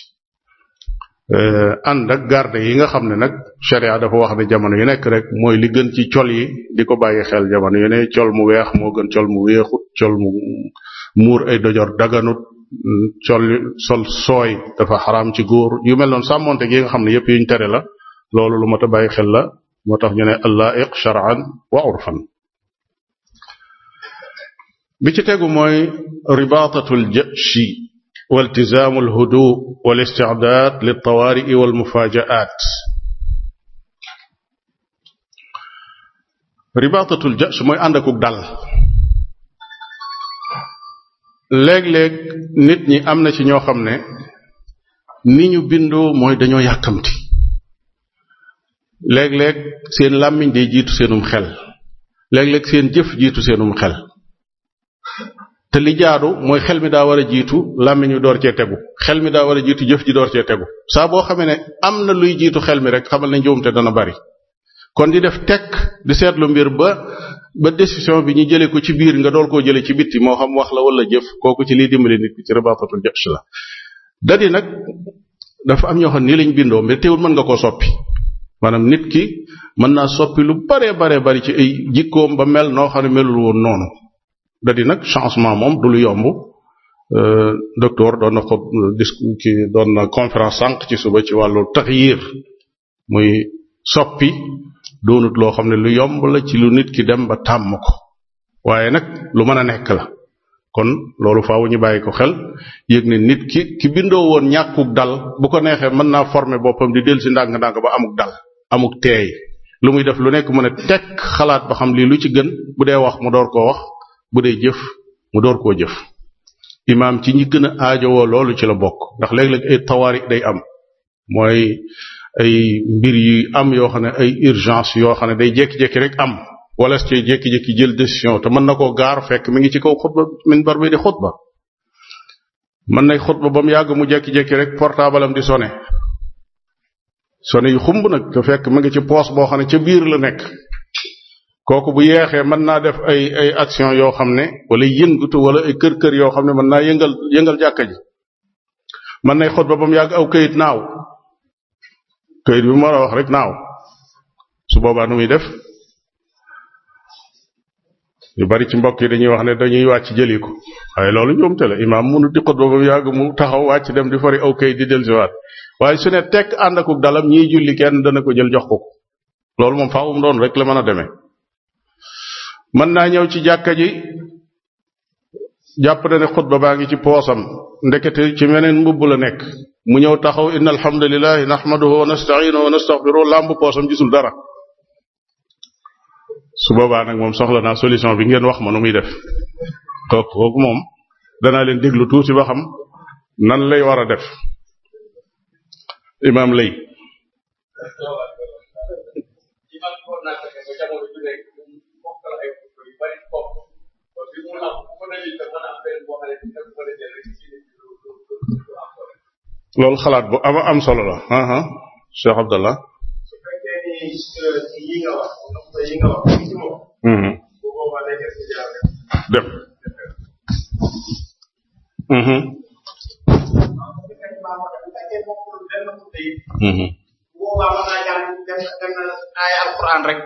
B: eh, ànd ak garde yi nga xam ne nag sharia dafa wax ne jamono yu nekk rek mooy li gën ci col yi di ko bàyyi xel jamono yu ne col mu weex moo gën col mu weexut col mu muur ay dojor daganut col sol sooy dafa xaraam ci góor yu mel noonu sàmmoonte gi nga xam ne yëpp yuñ tere la loolu lu mat bàyyi xel la moo tax ñu ne allaiq shar'an wa urfan bi ci tegu mooy ribaatatul jashi waltizaamu alhudu wal isticdaad liltawaari wal mufaajaat ribaatatul jash mooy ànd akuk dal léeg-léeg nit ñi am na ci ñoo xam ne ni ñu bindoo mooy dañoo yàkkamti léeg-léeg seen làmmiñ day jiitu seenum xel léeg-léeg seen jëf jiitu seenum xel te li jaadu mooy xel mi daa war a jiitu làmmiñ wi door cee tegu xel mi daa war a jiitu jëf ji door cee tegu saa boo xamee ne am na luy jiitu xel mi rek xamal ne te dana bari kon di def tekk di seetlu mbir ba ba décision bi ñu jëlee ko ci biir nga door koo jëlee ci bitti moo xam wax la wala jëf kooku ci liy dimbali nit ki ci rabatatul jash la dadi nag dafa am ñoo xam ni lañ bindoo mais mën nga koo soppi maanaam nit ki mën naa soppi lu bare bare bari ci ay jikkoom ba mel noo xam ne melul woon noonu da nag changement moom du lu yomb euh, docteur doon na ko euh, dis ki doon na conférence sànq ci suba ci wàllu tax taxyir muy soppi doonut loo xam ne lu yomb la ci lu nit ki dem ba tàmm ko waaye nag lu mën a nekk la kon loolu faaw ñu bàyyi ko xel yëg ne nit ki ki bindoo woon ñàkkuk dal bu ko neexee mën naa former boppam di dellu si ndànk-ndànk ba amuk dal amuk teey lu muy def lu nekk mën a tekk xalaat ba xam lii lu ci gën bu dee wax mu door koo wax bu dee jëf mu door koo jëf imaam ci ñi gën a woo loolu ci la bokk ndax léeg-léeg ay tawaari day am mooy ay mbir yu am yoo xam ne ay urgence yoo xam ne day jékki-jékki rek am wala ci jékki-jékki jël décision te mën na koo gaar fekk mi ngi ci kaw xutba minbar bi di xutba mën na xutba ba mu yàgg mu jékki-jékki rek portable di sone sone ngi ci poos boo xam ne ca biir la nekk kooku bu yeexee mën naa def ay ay action yoo xam ne wala yëngatu wala ay kër kër yoo xam ne mën naa yëngal yëngal jàkka ji mën nay xot ba ba mu yàgg aw këyit naaw këyit bi mu war a wax rek naaw su boobaa nu muy def ñu bari ci mbokk yi dañuy wax ne dañuy wàcc jëli ko waaye loolu njuumte la imaam mënu di xot ba ba mu yàgg mu taxaw wàcc dem di fari aw këyit di dellusiwaat waaye su ne tekk ànd akuk dalam ñiy julli kenn dana ko jël jox ko ko loolu moom faaw mu doon rek la mën a demee. mën naa ñëw ci jàkka ji jàpp na ne xutba baa ngi ci poosam ndekete ci meneen mbubb la nekk mu ñëw taxaw inna alhamdulilahi nahmaduhu wa nasta'inuhu wa nastaghfiruhu làmb poosam gisul dara su boobaa nag moom soxla naa solution bi ngeen wax ma nu muy def kooku moom danaa leen déglu tuuti ba xam nan lay war a def imaam lay loolu xalaat bu am am solo la aha Cheikh Abdallah def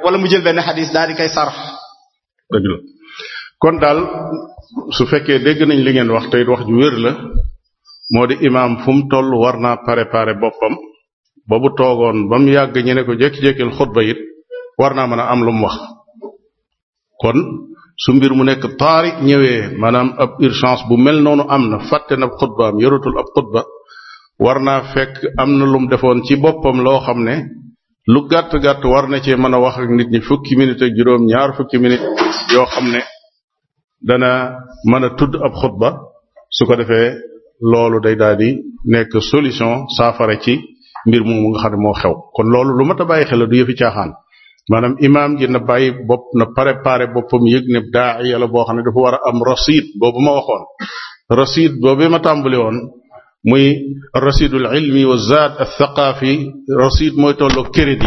B: wala mu jël benn
A: xadis daal di koy
B: kon daal su fekkee dégg nañ li ngeen wax tey wax ju wér la moo di imaam fu mu toll war naa préparer boppam ba bu toogoon ba mu yàgg ñu ne ko jékki-jékkil xutba it war naa mën a am lu mu wax kon su mbir mu nekk taari ñëwee maanaam ab urgence bu mel noonu am na fàtte na ab xutbaam yoratul ab xutba war naa fekk am na lum defoon ci boppam loo xam ne lu gàtt gàtt war na cee mën a wax ak nit ñi fukki minute ak juróom ñaar fukki minute yoo xam ne dana mën a tudd ab xutba su ko defee loolu day daal di nekk solution saafara ci mbir moomu nga xam ne moo xew kon loolu lu mat a bàyyi xel du yëfi caaxaan maanaam imaam ji na bàyyi bopp na préparé boppam yëg ne daa yàlla boo xam ne dafa war a am rasid boobu ma waxoon rasid boobu ma tàmbali woon muy rasidul ilmi wa zaad al thaqaafi rasid mooy tolloo crédit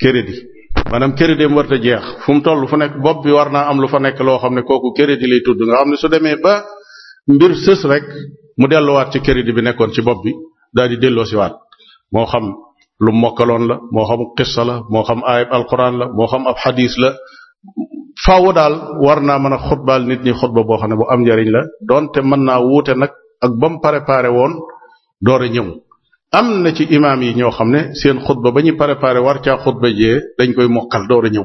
B: crédit maanaam crédit am war ta jeex fu mu toll fu nekk bopp bi war naa am lu fa nekk loo xam ne kooku crédit lay tudd nga am ne su demee ba mbir sës rek mu delluwaat ci crédit bi nekkoon ci bopp bi daal di delloosiwaat moo xam lu mokkaloon la moo xam qissa la moo xam ay alquran la moo xam ab xadis la faaw daal war naa mën a xutbaal nit ñi xutba boo xam ne bu am njariñ la donte mën naa wuute nag ak ba mu pare préparé woon door a ñëw am na ci imaam yi ñoo xam ne seen xutba ba ñu préparé war caa xutba jee dañ koy mokkal door a ñëw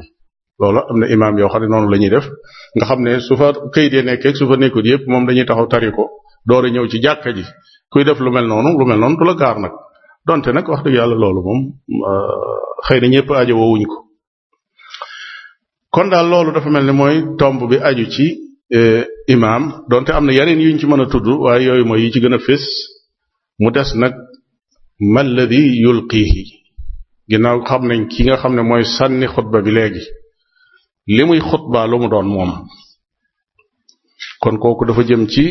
B: loolu am na imaam yoo xam ne noonu la ñuy def nga xam ne su fa këyit ya nekkee su fa nekkut yëpp moom dañuy taxaw tari ko door a ñëw ci jàkka ji kuy def lu mel noonu lu mel noonu du la gaar nag donte nag wax dëgg yàlla loolu moom euh, xëy na ñëpp ajo woowuñ ko kon daal loolu dafa mel ni mooy tomb bi aju ci euh, imaam donte am na yeneen yuñ ci mën a tudd waaye yooyu mooy yi ci gën a fés mu des nag man alladi yulqihi ginnaaw xam nañ ki nga xam ne mooy sànni xutba bi léegi li muy xutba lu mu doon moom kon kooku dafa jëm ci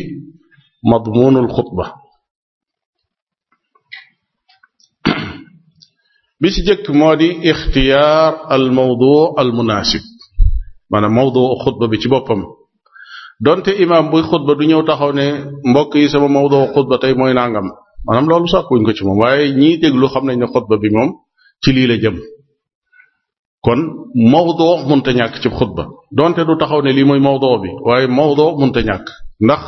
B: madmunul xutba bi ci jëkk moo di ixtiyaar al mawdu al munaasib maanaam mawdu xutba bi ci boppam donte imaam buy xutba du ñëw taxaw ne mbokk yi sama mawdu xutba tey mooy nangam maanaam loolu sàkkuwuñ ko ci moom waaye ñii déglu xam nañ ne xutba bi moom ci lii la jëm kon mawdoo munta ñàkk ci xutba donte du taxaw ne lii mooy mawdoo bi waaye mawdoo munta ñàkk ndax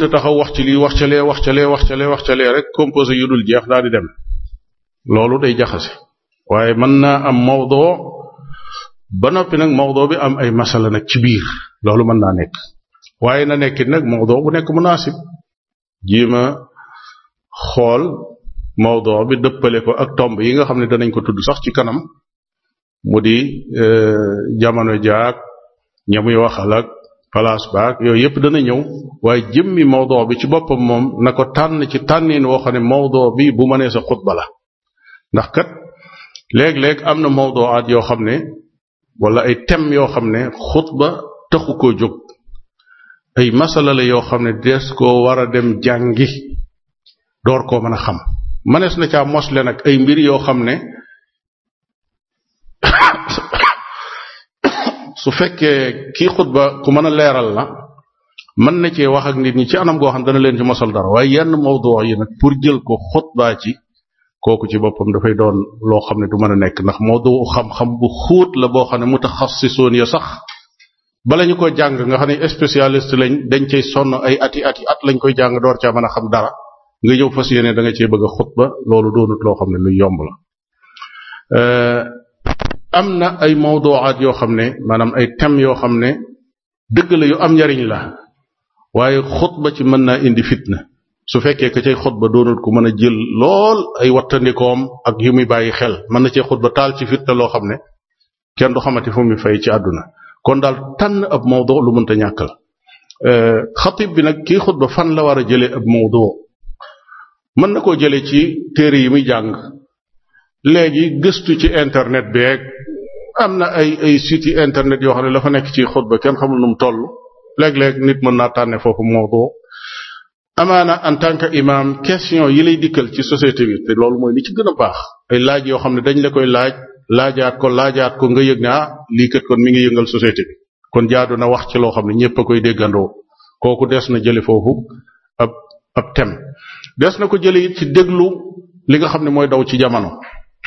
B: ta taxaw wax ci lii wax ca lee wax ca lee wax ca lee wax ca lee rek composé yu dul jeex daal di dem loolu day jaxase waaye mën naa am mawdoo ba noppi nag mawdoo bi am ay masala nag ci biir loolu mën naa nekk waaye na nekkit nag mawdoo bu nekk munaasib jiima xool mawdoo bi dëppale ko ak tomb yi nga xam ne danañ ko tudd sax ci kanam mu di e, jamono jaag ñamuy waxal ak place baag yooyu yëpp dana ñëw waaye jëmmi mawdoo bi ci boppam moom na ko tànn ci tànnin woo xam ne mawdoo bi bu mënee sa xutba la ndax kat léeg-léeg am na mawdoo at yoo xam ne wala ay thèmes yoo xam ne xutba taxu koo jóg ay masala la yoo xam ne dees koo war a dem jàngi door koo mën a xam manees na caa mosle nag ay mbir yoo xam ne su fekkee kii xutba ku mën a leeral la mën na cee wax ak nit ñi ci anam goo xam dana leen ci mosal dara waaye yenn mawdu yi nag pour jël ko xutbaa ci kooku ci boppam dafay doon loo xam ne du mën a nekk ndax mawdu xam-xam bu xóot la boo xam ne mutaxassisoon ya sax bala ñu ko jàng nga xam ne spécialiste lañ dañ cay sonn ay ati ati at lañ koy jàng door caa mën a xam dara nga ñëw fas yéene da cee bëgg a xutba loolu doonut loo xam ne luy yomb la euh, am na ay mawduwaat yoo xam ne maanaam ay thèmes yoo xam ne dëgg la yu am njariñ la waaye xutba ci mën naa indi na su fekkee ka cay xutba doonut ku mën a jël lool ay wattandikoom ak yu muy bàyyi xel mën na cee xutba taal ci fitna loo xam ne kenn du xamati fu muy fay ci àdduna kon daal tànn ab mawdu lu mënta ñàkkal la euh, xatib bi nag kii xutba fan la war a jëlee ab mawdu mën na koo jële ci téere yi muy jàng léegi gëstu ci internet beeg am na ay ay sites internet yoo xam ne dafa nekk ci ba kenn xamul nu mu toll léeg-léeg nit mën naa tànnee foofu moo amaana en tant que imam question yi lay dikkal ci société bi te loolu mooy li ci gën a baax ay laaj yoo xam ne dañu la koy laaj laajaat ko laajaat ko nga yëg ne ah lii kat kon mi ngi yëngal société bi kon jaadu na wax ci loo xam ne ñëpp a koy déggandoo kooku des na jële foofu ab ab thème des na ko jële it ci déglu li nga xam ne mooy daw ci jamono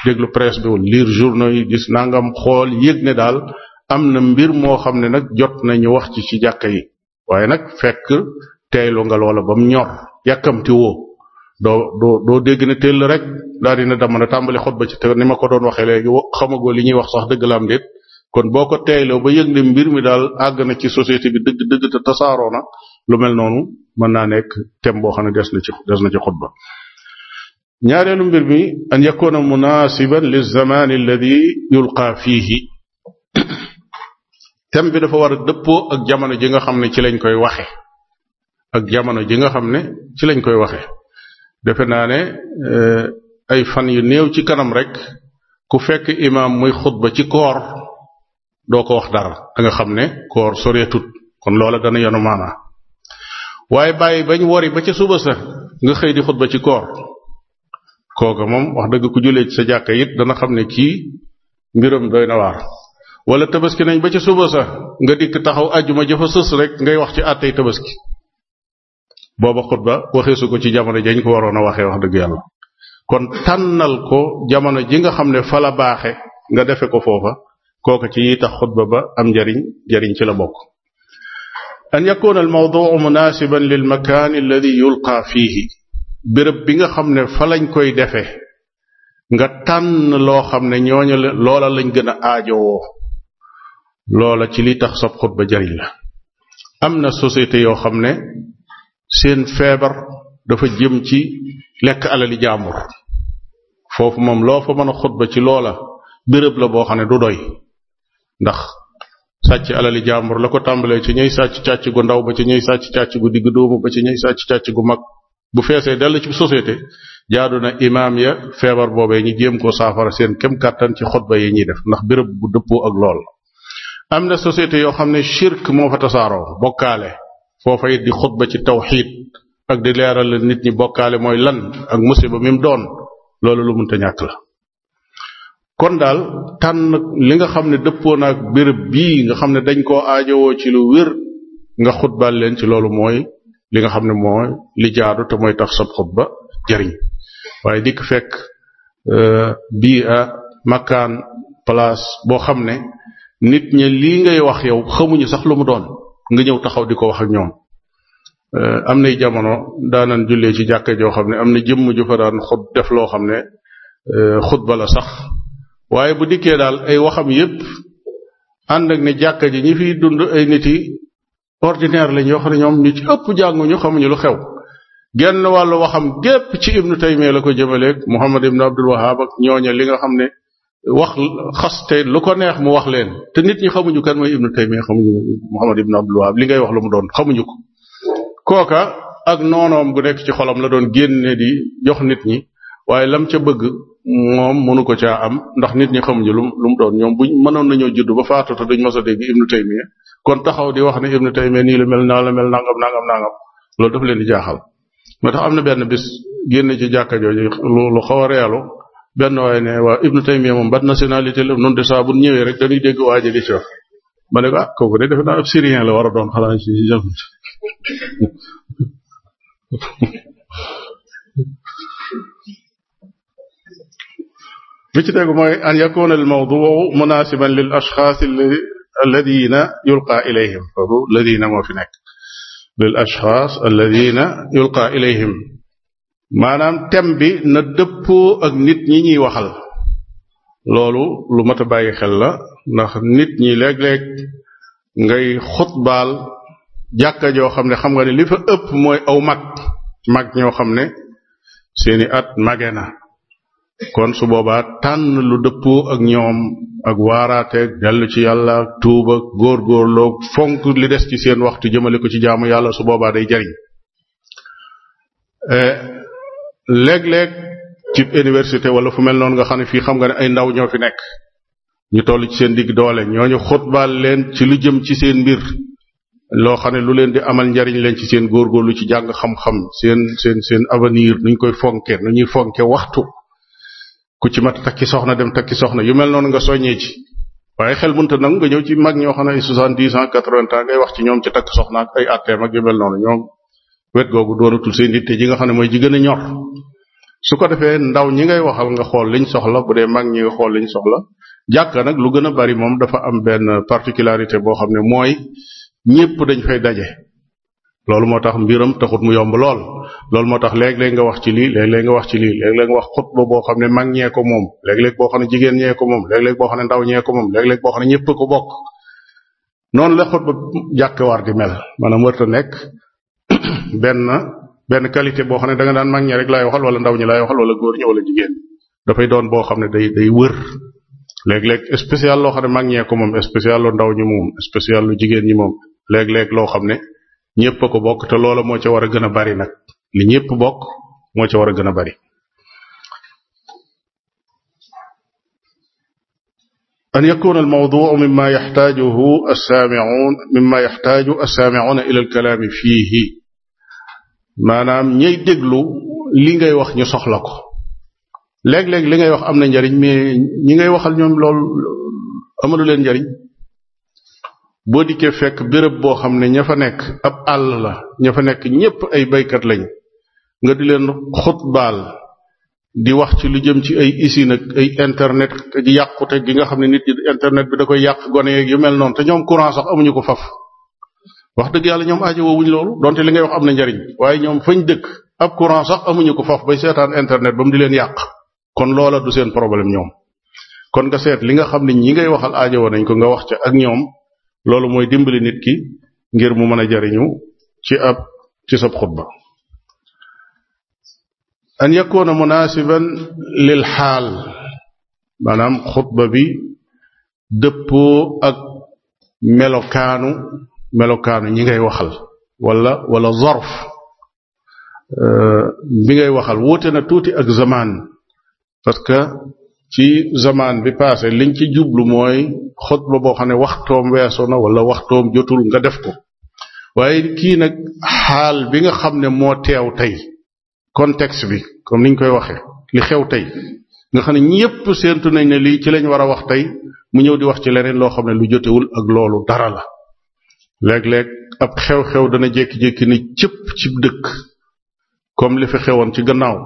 B: déglu presse bi wala lire journaux yi gis nangam xool yëg ne daal am na mbir moo xam ne nag jot nañu wax ci ci jàkka yi waaye nag fekk teeylu nga loola ba mu ñor yàkkamti woo doo doo doo dégg ne teel rek daa dina dama na tàmbali xutba ci te ni ma ko doon waxee léegi xamagoo li ñuy wax sax dëgg la am déet kon boo ko teeyloo ba yëg ne mbir mi daal àgg na ci société bi dëgg dëgg te tasaaroo na lu mel noonu mën naa nekk thème boo xam ne des na ci des na ci xutba ñaareelu mbir mi an yakuna munaasiban li zaman alladi yulqaa fiihi thème bi dafa war a dëppoo ak jamono ji nga xam ne ci lañ koy waxe ak jamono ji nga xam ne ci lañ koy waxe defe naa ne eh, ay fan yu néew ci kanam rek ku fekk imaam muy xutba ci koor doo ko wax dara da nga xam ne koor soreetut kon loola dana yenu maanaa waaye bàyyi bañ wori ba ca suba sa nga xëy di xutba ci koor kooka moom wax dëgg ku jullee ci sa jàkka yit dana xam ne kii mbiram doy na waar wala tabaski nañ ba ca suba sa nga dikk taxaw ajjuma jëfa sës rek ngay wax ci àttey tabaski booba xutba waxee su ko ci jamono jañ ko waroon a waxee wax dëgg yàlla kon tànnal ko jamono ji nga xam ne fa la baaxe nga defe ko foofa kooka ci yi tax xutba ba am njariñ njariñ ci la bokk an yakuna al mawduu munaasiban lil makaan alladi yulqaa fiihi béréb bi nga xam ne fa lañ koy defe nga tànn loo xam ne ñooñu loola lañ gën a aajowoo loola ci li tax sab xutba jariñ la am na société yoo xam ne seen feebar dafa jëm ci lekk alali jaamur foofu moom loo fa mën a xutba ci loola béréb la boo xam ne du doy ndax sàcc alali jàmbur la ko tàmbalee ci ñuy sàcc càcc gu ndaw ba ci ñuy sàcc càcc gu digg doomu ba ci ñuy sàcc càcc gu mag bu feesee dell ci société jaadu na imaam ya feebar boobee ñi jéem ko saafara seen kem kàttan ci xutba yi ñuy def ndax béréb bu dëppoo ak lool am na société yoo xam ne shirk moo fa tasaaroo bokkaale foofa it di xutba ci tawxiid ak di leeral nit ñi bokkaale mooy lan ak musiba mi mu doon loolu lu munta ñàkk la kon daal tànn li nga xam ne dëppoo naag béréb bii nga xam ne dañ koo aajowoo ci lu wér nga xutbaal leen ci loolu mooy li nga xam ne mooy li jaadu te mooy tax sab xutba jariñ waaye dikk fekk euh, bii a makkaan place boo xam ne nit ñi li ngay wax yow xamuñu sax lu mu doon nga ñëw taxaw di ko wax ak ñoom euh, am nay jamono daa daanan jullee ci jàkka joo xam ne am na jëm ju fa daan xut def loo xam ne euh, xutba la sax waaye bu dikkee daal ay waxam yépp ànd ak ne jàkka ji ñi fiy dund ay nit yi ordinaire lañ yoo xam ne ñoom ñu ci ëpp jànguñu xamuñu lu xew genn wàllu waxam gépp ci ibnu taymiya la ko jëmaleeg muhammad ibnu abdul wahab ak ñooña li nga xam ne wax xaste lu ko neex mu wax leen te nit ñi xamuñu kan mooy ibnu taymiya xamuñu muhammad ibnu abdul li ngay wax lu mu doon xamuñu ko kooka ak noonoom gu nekk ci xolam la doon génne di jox nit ñi waaye lam ca bëgg moom mënu ko caa am ndax nit ñi xamuñu lu lu mu doon ñoom buñ mënoon nañoo juddu ba faatu te duñ mos a dégg Ibnu Taymiya kon taxaw di wax ne Ibnu Taymiya nii la mel naa la mel nangam nangam nangam loolu daf leen di jaaxal. moo tax am na benn bis génn ci jàkka jooju lu lu xaw a reelu benn waaye ne waa Ibnu Taymiya moom ba nationalité la noonu de saa bu ñëwee rek dañuy dégg waa ji di ci wax ma ne ko ah kooku de defe naa ab syrien la war doon xalaat ci bi ci tegu mooy an yakuna al mawduu munaasiban lil ashxaas alladina yulqaa ilayhim foofu ladina moo fi nekk lil ashxaas alladina yulqaa bi na dëppoo ak nit ñi ñuy waxal loolu lu mat bàyyi xel la ndax nit ñi léeg-léeg ngay xutbaal jàkka joo xam ne xam nga ne li fa ëpp mooy aw mag mag ñoo xam ne seeni at mage na kon su boobaa tànn lu dëppoo ak ñoom ak waaraateeg dellu ci yàlla ak góor ak góorgóorloo fonk li des ci seen waxtu jëmale ko ci jaamu yàlla su boobaa dey jariñ eh, léeg-léeg ci université wala fu mel noonu nga xam ne fii xam nga ne ay ndaw ñoo fi nekk ñu toll ci seen digg doole ñooñu xutbaal leen ci lu jëm ci seen mbir loo xam ne lu leen di amal njariñ leen ci seen góorgóorlu ci jàng xam-xam seen seen seen avenir nuñ koy fonke nu ñuy fonke waxtu ku ci mat takki soxna dem takki soxna yu mel noonu nga soññee ci waaye xel munta nangu nga ñëw ci mag ñoo xam ne ay soixante-dix ans quatre-vingts ans ngay wax ci ñoom ci takk soxna ak ay atteem ak yu mel noonu ñoom wet googu doonatul seen nit te ji nga xam ne mooy ji gën a ñor su ko defee ndaw ñi ngay waxal nga xool liñ soxla bu dee mag ñi nga xool liñ soxla jàkka nag lu gën a bari moom dafa am benn particularité boo xam ne mooy ñépp dañ fay daje loolu moo tax mbiram taxut mu yomb lool loolu moo tax léeg-léeg nga wax ci lii léeg-léeg nga wax ci lii léeg-léeg nga boo xam ne mag ñeeko ko moom léeg-léeg boo xam ne jigéen ñee ko moom léeg-léeg boo ne ndaw ñee ko moom léeg-léeg boo xam ne ñëpp ko bokk noonu la ba jàkk war di mel maanaam warta nekk benn benn qualité boo xam ne da nga daan mag ñi rek laay waxal wala ndaw ñi laay waxal wala góor ñi wala jigéen dafay doon boo xam ne day day wër léeg-léeg spécial loo xam ne mag ñee ko moom spécial lu ndaw ñi moom spécial lu jigéen ñi moom léeg-léeg loo xam ne ñépp ko bokk te loola moo ca war a gën a bari nag li ñépp bokk moo ca war a gën a bari an yakuna almawduu mimma yaxtaajuhu assaamicuun mimma yaxtaaju assaamicuuna ila alkalaami fiihi maanaam ñay déglu li ngay wax ñu soxla ko léegi léeg li ngay wax am na njariñ mais ñi ngay waxal ñoom lool amalu leen njariñ boo dikkee fekk béréb boo xam ne ña fa nekk ab àll la ña fa nekk ñépp ay baykat lañ nga di leen xutbaal di wax ci lu jëm ci ay usine ak ay internet yàqute gi nga xam ne nit ñi internet bi da koy yàq gone yeeg yu mel noonu te ñoom courant sax amuñu ko faf wax dëgg yàlla ñoom aajo woowuñ loolu donte li ngay wax am na njariñ waaye ñoom fañ dëkk ab courant sax amuñu ko faf bay seetaan internet ba mu di leen yàq kon loola du seen problème ñoom kon nga li nga xam ne ñi ngay waxal aajo nañ ko nga wax ca ak ñoom loolu mooy dimbali nit ki ngir mu mën a jariñu ci ab ci sab xutba an yakuna munaasiban lil xaal maanaam xutba bi dëppoo ak melokaanu melokaanu ñi ngay waxal wala wala zorf bi ngay waxal wuute na tuuti ak zamaan parce que ci zamaan bi passé liñ ci jublu mooy xutba boo xam ne waxtoom weesu na wala waxtoom jotul nga def ko waaye kii nag xaal bi nga xam ne moo teew tey contexte bi comme niñ koy waxee li xew tey nga xam ne ñépp séentu nañ ne lii ci lañ war a wax tey mu ñëw di wax ci leneen loo xam ne lu jotewul ak loolu dara la léeg-léeg ab xew-xew dana jékki-jékki ni cëpp ci dëkk comme li fi xewoon ci gannaaw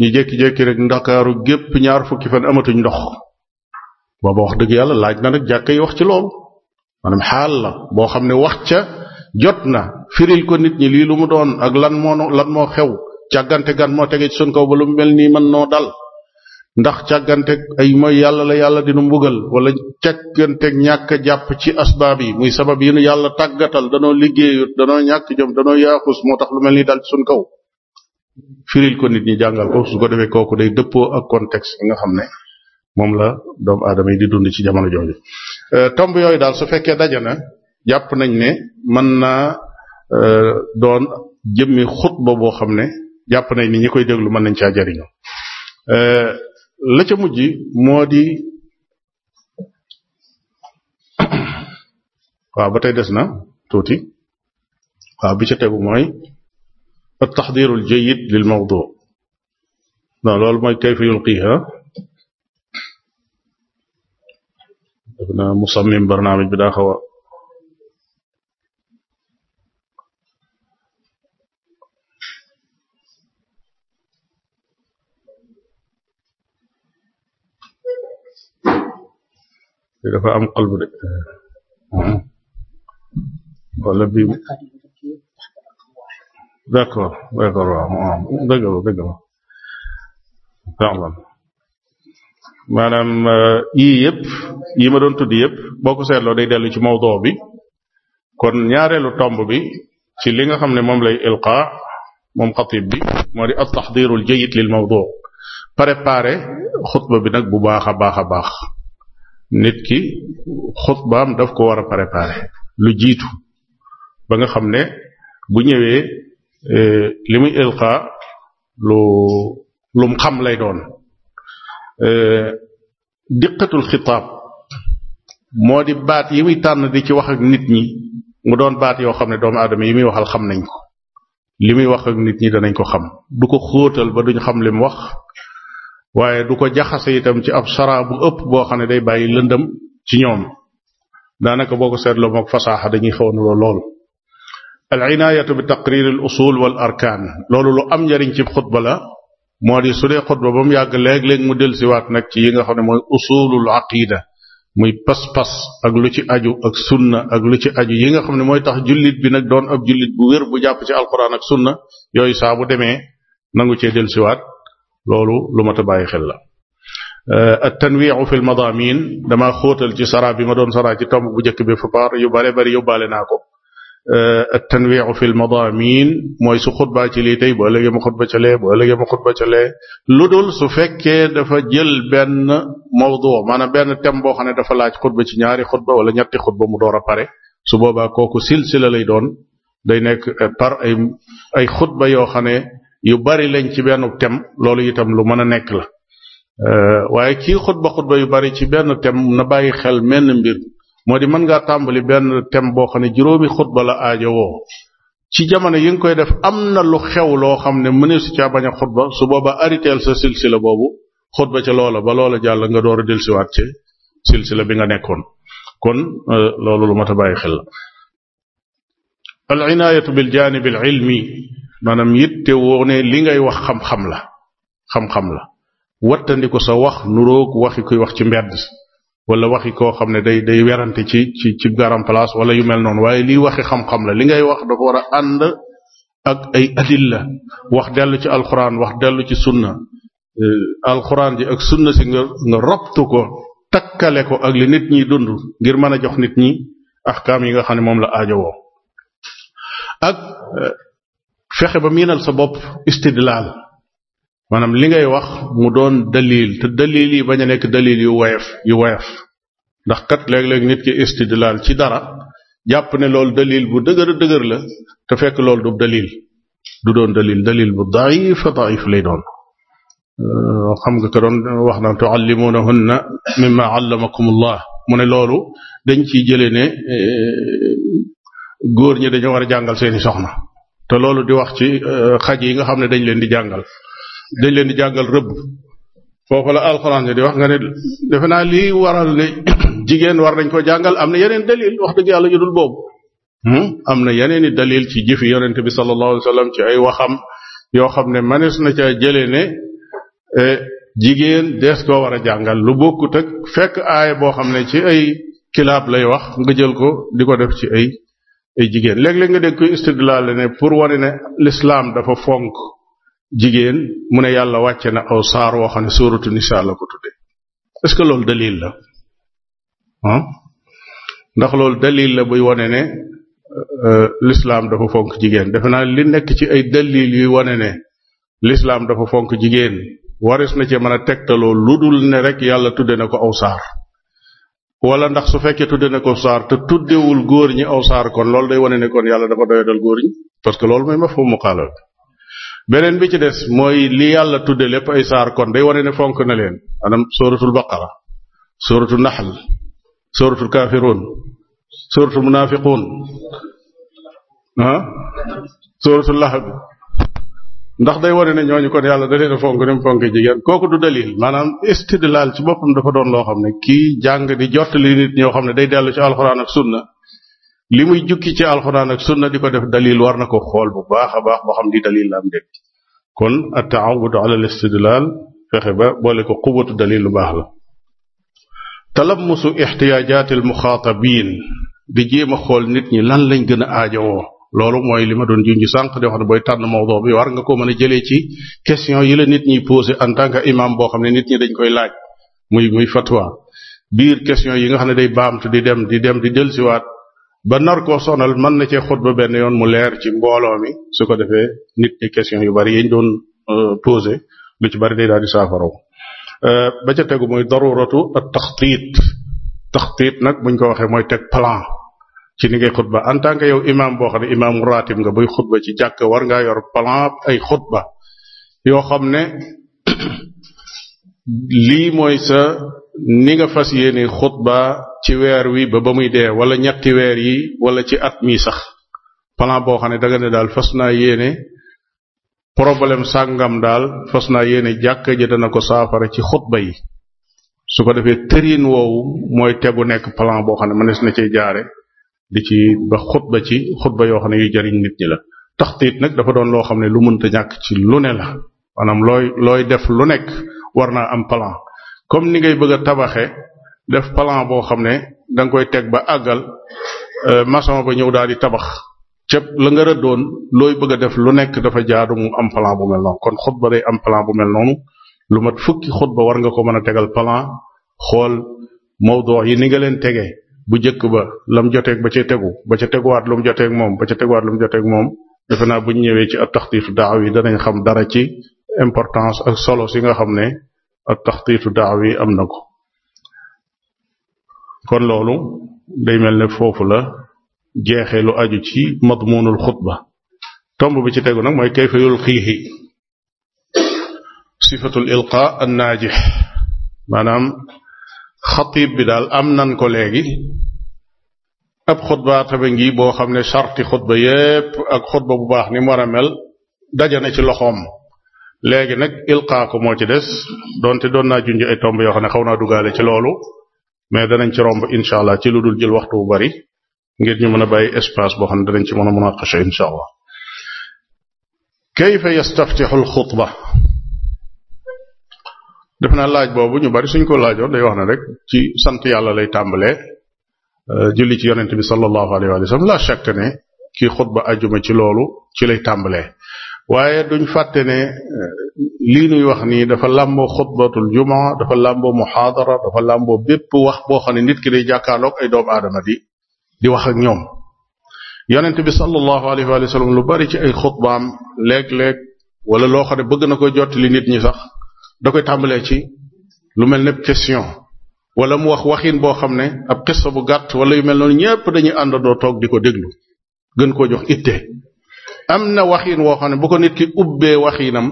B: ñu jékki-jékki rek ndakaaru gépp ñaar fukki fan amatuñ ndox booba wax dëgg yàlla laaj na nag jàkka yi wax ci lool maanaam xaal la boo xam ne wax ca jot na firil ko nit ñi lii lu mu doon ak lan moo lan moo xew càggante gan moo tege ci sun kaw ba lu mel nii man noo dal ndax càggante ay mooy yàlla la yàlla dinu mbugal wala càggante ñàkk jàpp ci asbaab yi muy sabab yi nu yàlla tàggatal danoo liggéeyut danoo ñàkk jom danoo yaaxus moo tax lu mel nii dal ci sun kaw firil ko nit ñi jàngal ko su ko defee kooku day dëppoo ak contexte bi nga xam ne moom la doomu aadama yi di dund ci jamono jooju. Euh, tomb yooyu daal su fekkee daje na jàpp nañ ne man naa euh, doon jëmmi xutba boo xam ne jàpp nañ ni ñi koy déglu mën nañ caa jariñu euh, la ca mujj moo di waaw ba tey des na tuuti waaw bi ca tegu mooy. التحضير الجيد للموضوع non loolu mooy kayfa yulqiha def na musammim barnaamij bi daa xaw
A: a dafa am qalb de wala bi
B: d'accord d'accord waaw maanaam euh, yii yëpp yi ma doon tudd yëpp boo ko seetloo day dellu ci mawdoo bi kon ñaareelu tomb bi ci li nga xam ne moom lay ilqa moom xatib bi moo di at taxdirul jayid lil mawdu préparer xutba bi nag bu baax a baax a baax nit ki xutbaam daf ko war a lu jiitu ba nga xam ne bu ñëwee Eh, li muy ilqa lu lum xam lay doon eh, diqatul xitaab moo di baat yi muy tànn di ci wax ak nit ñi mu doon baat yoo xam ne doomu aadama yi muy waxal xam nañ ko li muy wax ak nit ñi danañ ko xam du ko xóotal ba duñ xam lim wax waaye du ko jaxase itam ci ab saraa bu ëpp boo xam ne day bàyyi lëndëm ci ñoom daanaka boo ko seetloo moog fasaaxa dañuy xaw a lool al inaayatu bi taqrir al usul wal arkaan loolu lu am njariñ ci xutba la moo di su dee xutba ba mu yàgg léeg-léeg mu delsiwaat nag ci yi nga xam ne mooy usulul aqida muy pas-pas ak lu ci aju ak ak lu ci aju yi nga xam ne mooy tax jullit bi nag doon ab jullit bu wér bu jàpp ci alquran ak sunna yooyu saa bu demee nangu cee delsiwaat loolu lu mat bàyyi xel la at tanwiu fi l madamin dama xóotal ci sara bi ma doon sara ci tomb bu njëkk bi fapaar yu bare bari yóbbaale naa ko a at-tanwi'u fil madaamin mooy su xutbaa ci lii tey bu ëllëgee ma xutba ca lee bu ëllëgee ma xutba ca lee lu dul su fekkee dafa jël benn mawdu maanaam benn thème boo xam ne dafa laaj xutba ci ñaari xutba wala ñetti xutba mu door a pare su boobaa kooku silsila lay doon day nekk par ay ay xutba yoo xam ne yu bari lañ ci benn tem loolu itam lu mën a nekk la waaye kii xutba xutba yu bari ci benn thème na bàyyi xel menn mbir moo di mën nga tàmbali benn thème boo xam ne juróomi xutba la aajowoo ci jamono yi nga koy def am na lu xew loo xam ne mëneesu caa bañ a xutba su booba ariteel sa silsila boobu xutba ca loola ba loola jàll nga door a delsiwaat ci silsila bi nga nekkoon kon euh, loolu lu mat a bàyyi xel la al inaayatu bil jaanib al ilmi maanaam yitte woo ne li ngay wax xam-xam la xam-xam la wattandiku sa wax nuroog waxi kuy wax ci mbedd wala waxi koo xam ne day day werante ci ci ci garam place wala yu mel noonu waaye lii waxi xam-xam la li ngay wax dafa war ànd ak ay adilla wax dellu ci alxuraan wax dellu ci sunna eh, alxuraan ji ak sunna si nga nga robtu ko takkale ko ak li nit ñi dund ngir mën a jox nit ñi axkaam yi nga xam ne moom la aajowoo ak eh, fexe ba miinal sa bopp istidlaal maanaam li ngay wax mu doon dalil te dalil yi bañ a nekk dalil yu woyof yu woyof ndax kat léeg-léeg nit ki istidlaal ci dara jàpp ne loolu dalil bu dëgër dëgër la te fekk loolu du dalil du doon dalil dalil bu daifa daif lay doon euh, xam nga ko doon wax naan tuallimunahunna mimma allamakum allah mu ne loolu dañ ci jëlee ne euh, góor ñi dañoo war a jàngal seeni soxna te loolu di wax ci euh, xaj yi nga xam ne dañ leen di jàngal dañ leen di jàngal rëbb foofu la alxuraan di wax nga ne defe naa lii waral ne jigéen war nañ ko jàngal am na yeneen dalil yàlla yu dul boobu hmm? am na yeneen i dalil ci jëfi yonente bi sallallahu alayhi wa sallam ci ay waxam yoo xam ne manees na ca jële ne e, jigéen des koo war a jàngal lu bokkut ak fekk aaya boo xam ne ci ay kilaab lay wax nga jël ko di ko def ci ay jigéen léeg-léeg nga dégg koy istidlaal ne pour wane ne lislaam dafa fonk jigéen mu ne yàlla wàcce na aw saar woo xam ne suuratu nisaa la ko tudde est que loolu dalil la ah ndax loolu dalil la buy wone ne euh, euh, lislaam dafa fonk jigéen defe naa li nekk ci ay dalil yuy wone ne lislaam dafa fonk jigéen waris na cee mën a tegtaloo lu dul ne rek yàlla tudde na ko aw saar wala ndax su fekkee tudde na ko saar te tuddewul góor ñi aw saar kon loolu day wone ne kon yàlla dafa doyadal góor ñi parce que loolu mooy mafhumu qaala bi beneen bi ci des mooy li yàlla tudde lépp ay saar kon day wane ne fonk na leen maanaam suratul baqara suratul naxl suratul kafirun suratul munafiqun ah suratul lahab ndax day wane ne ñooñu kon yàlla da leen a fonk ni mu fonk jigéen kooku du dalil maanaam laal ci boppam dafa doon loo xam ne kii jàng di jottali nit ñoo xam ne day dellu ci alxuraan ak sunna li muy jukki ci alxuraan ak sunna di ko def dalil war na ko xool bu baax a baax boo xam di dalil la am dégg kon attaawud ala al istidlal fexe ba boole ko qubatu dalil lu baax la talamusu ixtiyaajaati al muxaatabin di jéem a xool nit ñi lan lañ gën a woo loolu mooy li ma doon junj sànq di wax ne booy tànn mawdoo bi war nga ko mën a jëlee ci question yi la nit ñi posé en tant que imam boo xam ne nit ñi dañ koy laaj muy muy fatwa biir question yi nga xam ne day baamtu di dem di dem di dellusiwaat ba nar koo sonal man na cee xutba benn yoon mu leer ci mbooloo mi su ko defee nit ñi question yu bari yañ doon euh, posé lu ci bari day daal di saafaraw euh, ba ca tegu muy daruratu ak taxtiit taxtiit nag buñ ko waxee mooy teg plan ci ni ngay xutba en tant que yow imam boo xam ne imaamu ratib nga buy xutba ci jàkk war ngaa yor plan ay xutba yoo xam ne lii mooy sa ni nga fas yéene xutba ci weer wi ba ba muy dee wala ñetti weer yi wala ci at mi sax plan boo xam ne danga daal fas naa yéene problème sàngam daal fas naa yéene jàkk ji dana ko saafara ci xutba yi su ko defee tëriin woowu mooy tegu nekk palan boo xam ne mënees na cee jaare di ci ba xutba ci xutba yoo xam ne yu jariñ nit ñi la taxtiit nag dafa doon loo xam ne lu mënta ñàkk ci lu ne la maanaam looy looy def lu nekk war naa am palan comme ni ngay bëgg a tabaxe def plan boo xam ne danga koy teg ba àggal euh, maçon ba ñëw daal di tabax ca la nga doon looy bëgg a def lu nekk dafa jaadu mu am plan bu mel noonu kon xutba day am plan bu mel noonu lu mat fukki xutba war nga ko mën a tegal plan xool mawdoo yi ni nga leen tegee bu jëkk ba lam joteeg ba ca tegu ba ca teguwaat lu joteeg moom ba ca teguwaat lu joteeg moom defe naa bu ñu ñëwee ci at taxtiifu daaw yi danañ xam dara ci importance ak solo si nga xam ne ak taxtiitu daawi am na ko kon loolu day mel ne foofu la jeexee lu aju ci madmunul xutba tomb bi ci tegu nag mooy kayfa yulqiihi sifatul ilqa an naajix maanaam xatiib bi daal am nan ko léegi ab xutba tabe ngi boo xam ne sarti xutba yépp ak xutba bu baax ni mu war a mel daje na ci loxoom léegi nag ilqaa ko moo ci des donte doon naa junj ay tomb yoo xam ne xaw naa dugaale ci loolu mais danañ ci romb incha allah ci lu dul jël waxtu bu bari ngir ñu mën a bàyyi espace boo xam ne danañ ci mën a munaqasha incha allah kayfa yastaftixu alxutba def naa laaj boobu ñu bari suñ ko laajoon day wax ne rek ci sant yàlla lay tàmbalee euh, julli ci yonent bi sallallahu alayhi wa sallam la shakk ne kii xutba ajuma ci loolu ci lay tàmbalee waaye duñ fàtte ne eh, lii nuy wax nii dafa làmboo xutbatul jumaa dafa làmboo muxaadara dafa làmboo bépp wax boo xam ne nit ki day jàkkaarloog ay doomu aadama di di wax ak ñoom yonent bi sallallahu alayhi lu bari ci ay xutbaam léeg-léeg wala loo xam ne bëgg na ko li nit ñi sax da koy tàmbalee ci lu mel ne question walla mu wax waxin boo xam ne ab xissa bu gàtt wala yu mel noonu ñépp dañuy àndandoo toog di ko déglu gën koo jox itte am na waxin woo xam ne bu ko nit ki ubbee waxinam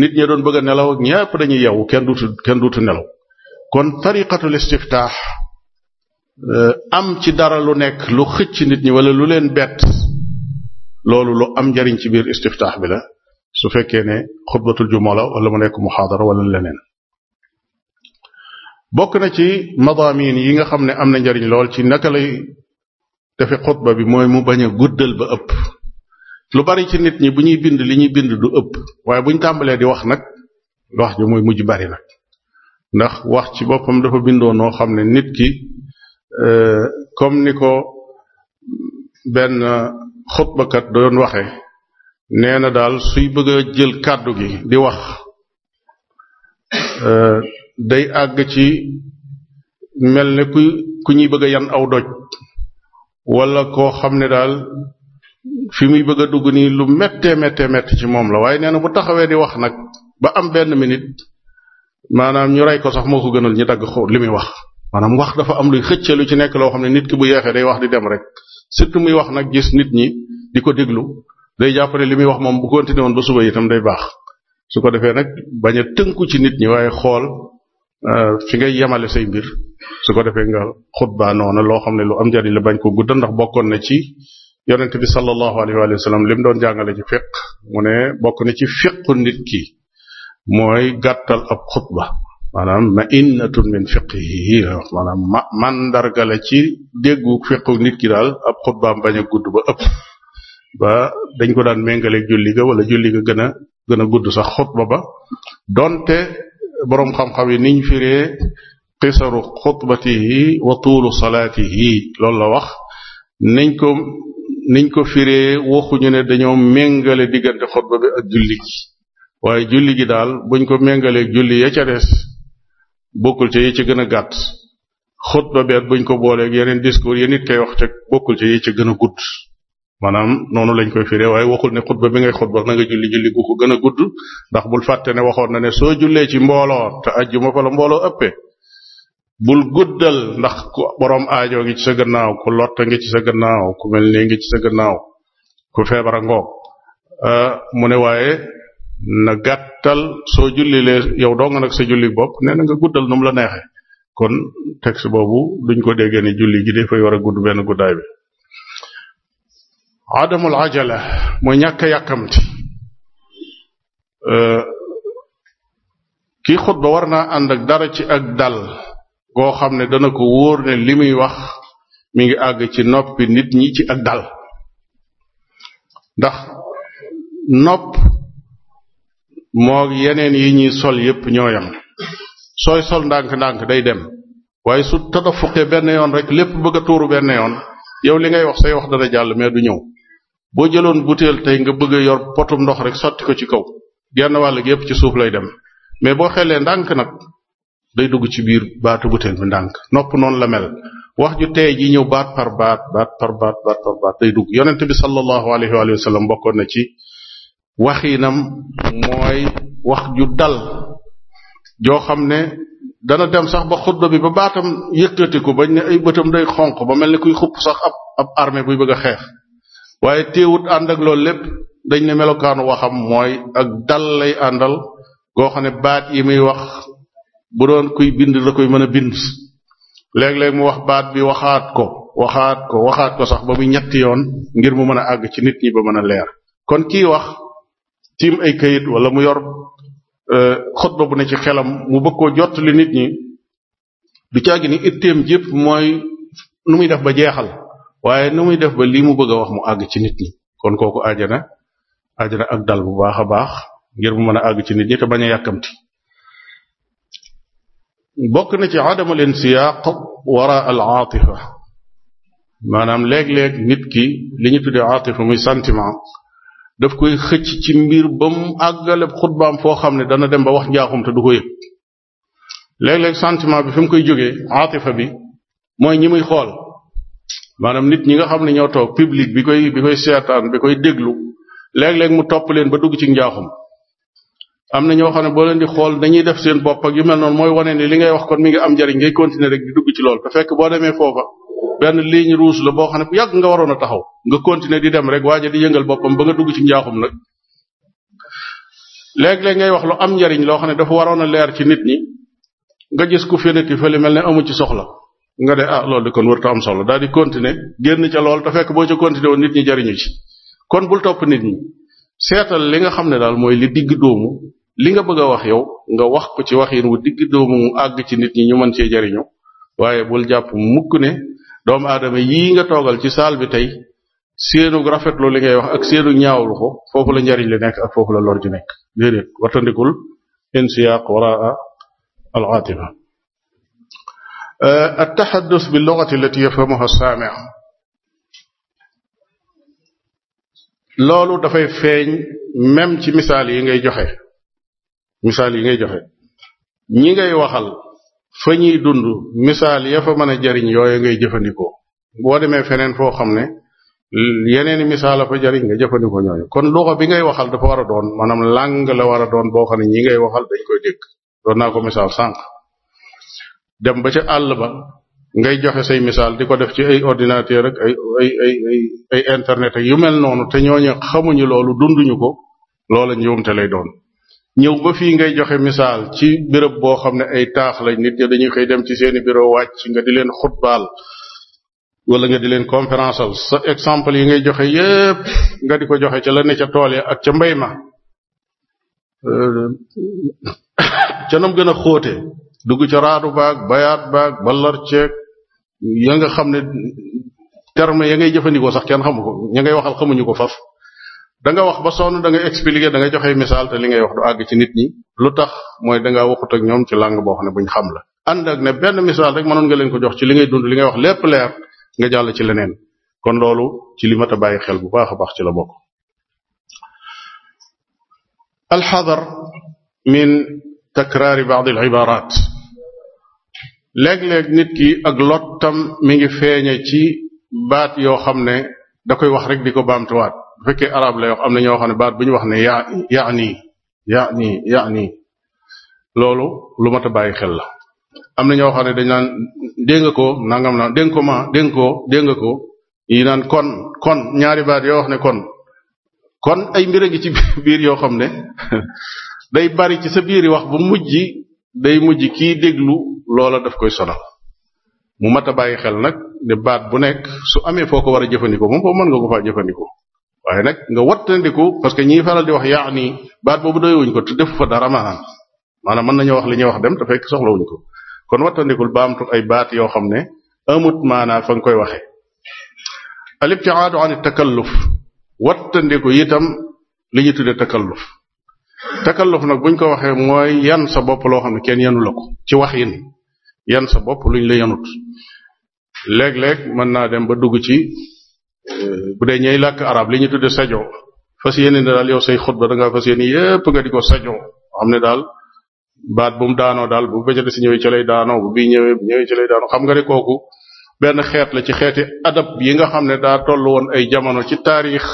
B: nit ñee doon bëgg a nelaw ñépp dañuy yow kenn duutu kenn duutu nelaw kon tariqatul istiftaax eh, am ci dara lu nekk lu xëcc nit ñi wala lu leen bett loolu lu am njariñ ci biir istiftaax bi la su fekkee ne xutbatul juma la wala mu nekk muxaadara wala leneen bokk na ci madaamin yi nga xam ne am na njariñ lool ci naka lay defe xutba bi mooy mu bañ a guddal ba ëpp lu bari ci nit ñi bu ñuy bind li ñuy bind du ëpp waaye bu ñu tàmbalee di wax nag wax ji mooy mujj bari nag ndax wax ci boppam dafa bindoo noo xam ne nit ki euh, comme ni ko benn xutbakat doon waxe nee na daal suy bëgg jël kàddu gi di wax euh, day àgg ci mel ni ku ku ñuy bëgg yan aw doj wala koo xam ne daal fi muy bëgg a dugg nii lu méttee méttee métti ci moom la waaye nee na bu taxawee di wax nag ba am benn minute maanaam ñu rey ko sax moo ko gënal ñu dagg xo li muy wax. maanaam wax dafa am luy xëcce lu ci nekk loo xam ne nit ki bu yeexee day wax di dem rek surtout muy wax nag gis nit ñi di ko déglu day jàpp li muy wax moom bu continué woon suba itam day baax su ko defee nag bañ a tënku ci nit ñi waaye xool euh, fi ngay yemale say mbir su ko defee nga xutbaa noona loo xam ne lu am jariñ la bañ ko guddal ndax bokkoon na ci. yonent bi sallallahu alayhi wa sallam lim doon jàngale ci fiq mu ne bokk na ci fiqu nit ki mooy gàttal ab xutba maanaam ma innatun min fiqihi ma mandarga la ci déggu fiqu nit ki daal ab xutbaam bañ a gudd ba ëpp ba dañ ko daan méngaleeg julli ga wala julli ga gën a gën a gudd sax xutba ba donte boroom xam-xam yi niñ firee qisaru xutbatihi wa tuulu salaatihi loolu la wax niñ ko niñ ko firee waxuñu ne dañoo méngale diggante xutba bi ak julli gi waaye julli gi daal buñ ko méngaleeg julli ya ca des bokkul ca yi ci gën a gàtt xutba bi buñ ko booleeg yeneen discours yi nit koy wax te bokkul ca yi ci gën a gudd maanaam noonu lañ koy firee waaye waxul ne xutba bi ngay xutba na nga julli julli gu ko gën a gudd ndax bul fàtte ne waxoon na ne soo jullee ci mbooloo te ajjuma fa la mbooloo ëppee bul guddal ndax ku boroom aajo ngi sa gannaaw ku lotta ngi ci sa gannaaw ku mel ni ngi sa gannaaw ku feebara ngoog ah, mu ne waaye na gàttal soo jullilee yow doo nga nag sa julli bopp nee nga guddal nu la neexe kon texte boobu duñ ko déggee ni julli gi dafay war a gudd benn guddaay bi adamul ajala mooy ñàkk a yàkkamti ah, kii xutba war naa ànd ak dara ci ak dal goo xam ne dana ko wóor ne li muy wax mu ngi àgg ci noppi nit ñi ci ak dal ndax nopp moo yeneen yi ñuy sol yépp ñoo yam sooy sol ndànk-ndànk day dem waaye su tadafuqee benn yoon rek lépp bëgg a tuuru benn yoon yow li ngay wax say wax dana jàll mais du ñëw boo jëloon butéel tey nga bëgg a yor potum ndox rek sotti ko ci kaw genn wàll gi yépp ci suuf lay dem mais boo xelee ndànk nag day dugg ci biir baatu butéel bi ndànk nopp noonu la mel wax ju tey ji ñëw baat par baat baat par baat day dugg yonent bi sallallahu alayhi wa sallam bokkoon na ci wax waxinam mooy wax ju dal joo xam ne dana dem sax ba xutba bi ba baatam yëkkatiku bañ ne ay bëtam day xonq ba mel ni kuy xupp sax ab ab armée buy bëgg a xeex waaye teewut ànd ak loolu lépp dañ ne melokaanu waxam mooy ak dal lay àndal goo xam ne baat yi muy wax bu doon kuy bind la mën a bind léeg-léeg mu wax baat bi waxaat ko waxaat ko waxaat ko sax ba muy ñetti yoon ngir mu mën a àgg ci nit ñi ba mën a leer kon kii wax tiim ay kayit wala mu yor e, xutba bu ne ci xelam mu bëgg koo jot li nit ñi du caagi ni itteem jépp mooy nu muy def ba jeexal waaye nu muy def ba lii mu bëgg a wax mu àgg ci nit ñi kon kooku ajana ajana ak dal bu baax a baax ngir mu mën a àgg ci nit ñi te bañ a yàkkamti bokk na ci leen insiyaaq wara al aatifa maanaam léeg-léeg nit ki li ñu tuddee aatifa muy sentiment daf koy xëcc ci mbir ba mu àggale xutbaam foo xam ne dana dem ba wax njaaxum te du ko yëg léeg-léeg sentiment bi fi mu koy jógee aatifa bi mooy ñi muy xool maanaam nit ñi nga xam ne ñoo toog public bi koy bi koy seetaan bi koy déglu léeg-léeg mu topp leen ba dugg ci njaaxum am na ñoo xam ne boo leen di xool dañuy def seen bopp ak yu mel noonu mooy wane ni li ngay wax kon mi ngi am njariñ ngay continuer rek di dugg ci loolu fekk boo demee foofa benn ligne rouge la boo xam ne bu nga waroon a taxaw nga continuer di dem rek waaja di yëngal boppam ba nga dugg ci njaaxum nag léeg ngay wax lu am njariñ loo xam ne dafa waroon a leer ci nit ñi nga gis ku fénati fa li mel ne amu ci soxla nga de ah loolu de kon wërta am solo daal di continuer génn ca lool te fekk boo ca continuer woon nit ñi jariñu ci kon bul topp nit ñi seetal li nga xam ne daal mooy li digg doomu li nga bëgg a wax yow nga wax ko ci waxin wu digg doomu mu àgg ci nit ñi ñu mën cee jariñu waaye bul jàpp mukk ne doomu aadama yi nga toogal ci saal bi tey seenu rafetlu li ngay wax ak seenu ñaawlu ko foofu la njariñ li nekk ak foofu la lor ji nekk déedéet watandikul insiyaaq waraa al aatiba التحدث باللغة التي يفهمها السامع loolu dafay feeñ même ci misaal yi ngay joxe misaal yi ngay joxe ñi ngay waxal fa ñuy dund misaal ya fa mën a jariñ yooya ngay jëfandikoo boo demee feneen foo xam ne yeneeni misaal a fa jariñ nga jëfandikoo ñooñu kon luxa bi ngay waxal dafa war a doon maanaam làng la war a doon boo xam ne ñi ngay waxal dañ koy dégg doon naa ko misaal sànq dem ba ca àll ba ngay joxe say misaal di ko def ci ay ordinateur ak ay ay internet ak yu mel noonu te ñooñu xamuñu loolu dunduñu ko loola njuumte lay doon ñëw ba fii ngay joxe misaal ci béréb boo xam ne ay taax lañ nit ñi dañuy xëy dem ci seeni bureau wàcc nga di leen xutbaal wala nga di leen conférence sa exemple yi ngay joxe yépp nga di ko joxe ca la ne ca tool ya ak ca mbay ma ca nam gën a xoote dugg ca raadu baag bayaat baag ballar ceeg ya nga xam ne terme ya ngay jëfandikoo sax kenn xamu ko ña ngay waxal xamuñu ko faf da wax ba sonn da nga expliquer da nga joxe misaal te li ngay wax du àgg ci nit ñi lu tax mooy danga ngaa waxut ñoom ci langue boo xam ne buñ xam la ànd ak ne benn misaal rek mënoon nga leen ko jox ci li ngay dund li ngay wax lépp leer nga jàll ci leneen kon loolu ci li mat a bàyyi xel bu baax a baax ci la bokk alxadar min takraari baad al ibarat léeg nit ki ak tam mi ngi feeñe ci baat yoo xam ne da koy wax rek di ko baamtuwaat bu fekkee arab lay wax am na ñoo xam ne baat bu ñu wax ne yaa yaa ni yaa nii loolu lu mat a bàyyi xel la am na ñoo xam ne dañ naan dégg ko nangam naan dégg ko ma dégg ko dégg ko yi naan kon kon ñaari baat yoo wax ne kon kon ay mbir a ngi ci biir yoo xam ne day bari ci sa biir wax ba mujj day mujj kii déglu loola daf koy sonal mu mat a bàyyi xel nag ne baat bu nekk su amee foo ko war a jëfandikoo moom foo mën nga ko faa jëfandikoo waaye nag nga wattandiku parce que ñiy faral di wax yaa nii baat boobu doyewuñ ko te defu fa dara maanaam maanaam mën nañu wax li ñuy wax dem te fekk soxlawuñ ko kon wattandikul baamtu ay baat yoo xam ne amut maanaa fa nga koy waxe alibtiaadu an takalluf wattandiku itam li ñu tudde takalluf takalluf nag buñ ko waxee mooy yan sa bopp loo xam ne kenn yanu la ko ci wax yin yan sa bopp luñ la yanut léeg-léeg mën naa dem ba dugg ci Euh, bu dee ñay làkk arab li ñu tudde sajo fas yéene ne daal yow say xutba da ngaa fas yéene yépp nga di ko sajo xam ne daal baat bu mu daanoo daal bu bëccëg si ñëwee ci lay daanoo bu bii ñëwee bu ñëwee ci lay daanoo xam nga ne kooku benn xeet la ci xeeti adab yi nga xam ne daa toll woon ay jamono ci taarix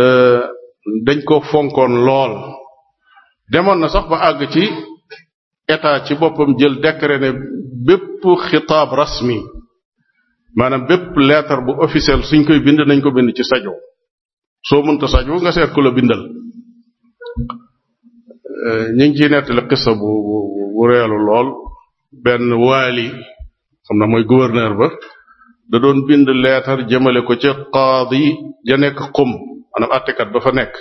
B: euh, dañ ko fonkoon lool demoon na sax ba àgg ci état ci boppam jël décret ne bépp xitaab rasmi maanaam bépp leetar bu officiel suñ koy bind nañ ko bind ci sajo soo mënta sajo nga seet ku la bindal euh, ñu ngi ciy nettali xissa bu bu reelu lool benn waali xam na mooy gouverneur ba da doon bind leetar jëmale ko ci qaadi ja nekk xum maanaam attekat ba fa nekk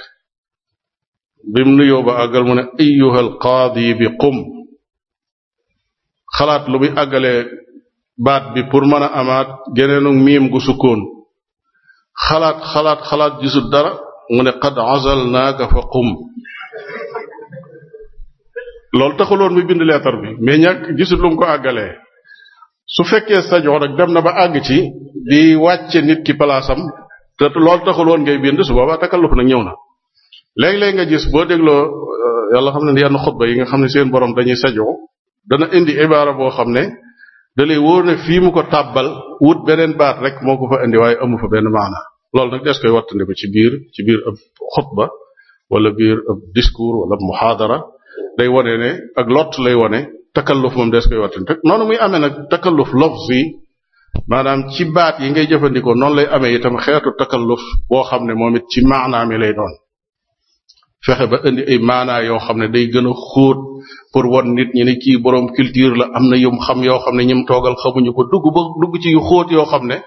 B: bim nuyoo ba àggal mu ne ayyuhal qaadi bi xum xalaat lu muy àggalee baat bi pour mën a amaat geneenu miim gu sukkoon xalaat xalaat xalaat gisul dara mu ne qad azalnaaka fa qum loolu taxuloon mu bind leetar bi mais ñàkk gisul lu ko àggalee su fekkee sañoo rek dem na ba àgg ci di wàcce nit ki palaasam te loolu taxuloon ngay bind su boobaa takalluf nag ñëw na léeg-léeg nga gis boo dégloo euh, yàlla xam ne yenn xutba yi nga xam ne seen boroom dañuy sañoo dana indi ibaara boo xam ne da lay wóor ne mu ko tàbbal wut beneen baat rek moo ko fa indi waaye amu fa benn maana loolu nag des koy wattandiku ci biir ci biir ab xutba wala biir ab discours wala ab muxaadara day wone ne ak lot lay wone takalluf moom des koy wattandi rek noonu muy amee nag takalluf lafzi maanaam ci baat yi ngay jëfandikoo noonu lay amee itam xeetu takalluf boo xam ne moom it ci maanaam yi lay doon fexe ba indi ay maanaa yoo xam ne day gën a xóot pour won nit ñi ne kii borom culture la am na yum xam yoo xam ne ñim toogal xamuñu ko dugg ba dugg ci yu xóot yoo xam ne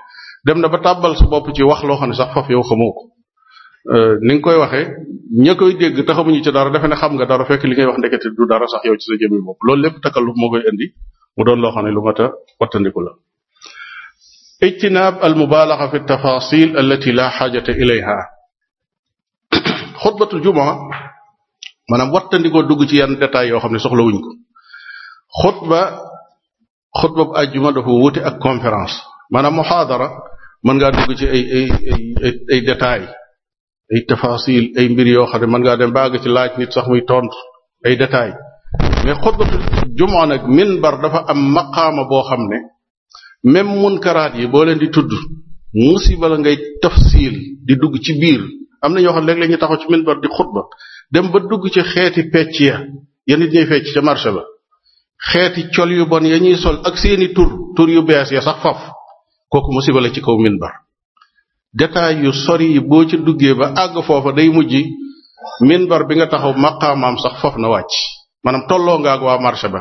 B: dem na ba tàbbal su bopp ci wax loo xam ne sax faf yow xamoo ko euh, ni nga koy waxee ña koy dégg te xamuñu ci dara defe ne xam nga dara fekk li ngay wax ndekete du dara sax yow ci sa jëmmi bopp loolu lépp takalluf moo koy indi mu doon loo xam ne lu mat a wattandiku la ijtinaab al mubaalaxa fi tafasil allati la xaajata ilayha xutbatul jumaa maanaam wattandikoo dugg ci yenn détails yoo xam ne soxla wuñ ko xutba xutba bu ajjuma dafa wuute ak conférence maanaam muxaadara mën ngaa dugg ci ay ay ay ay ay tafasil ay mbir yoo xam ne mën ngaa dem baag ci laaj nit sax muy tontu ay détails mais xutbatu jumaa nag min minbar dafa am maqaama boo xam ne même munkaraat yi boo leen di tudd musiba la ngay tafsil di dugg ci biir am na ñoo xam léeg-léeg ñu taxaw ci minbar di xutba dem ba dugg ci xeeti pecc ya ya nit ñuy fecc ca marché ba xeeti col yu bon ya ñuy sol ak seeni tur tur yu bees ya sax faf kooku musiba la ci kaw minbar détail yu sori yi boo ci duggee ba àgg foofa day mujj minbar bi nga taxaw maqaamaam sax faf na wàcc maanaam tolloo nga ak waa marché ba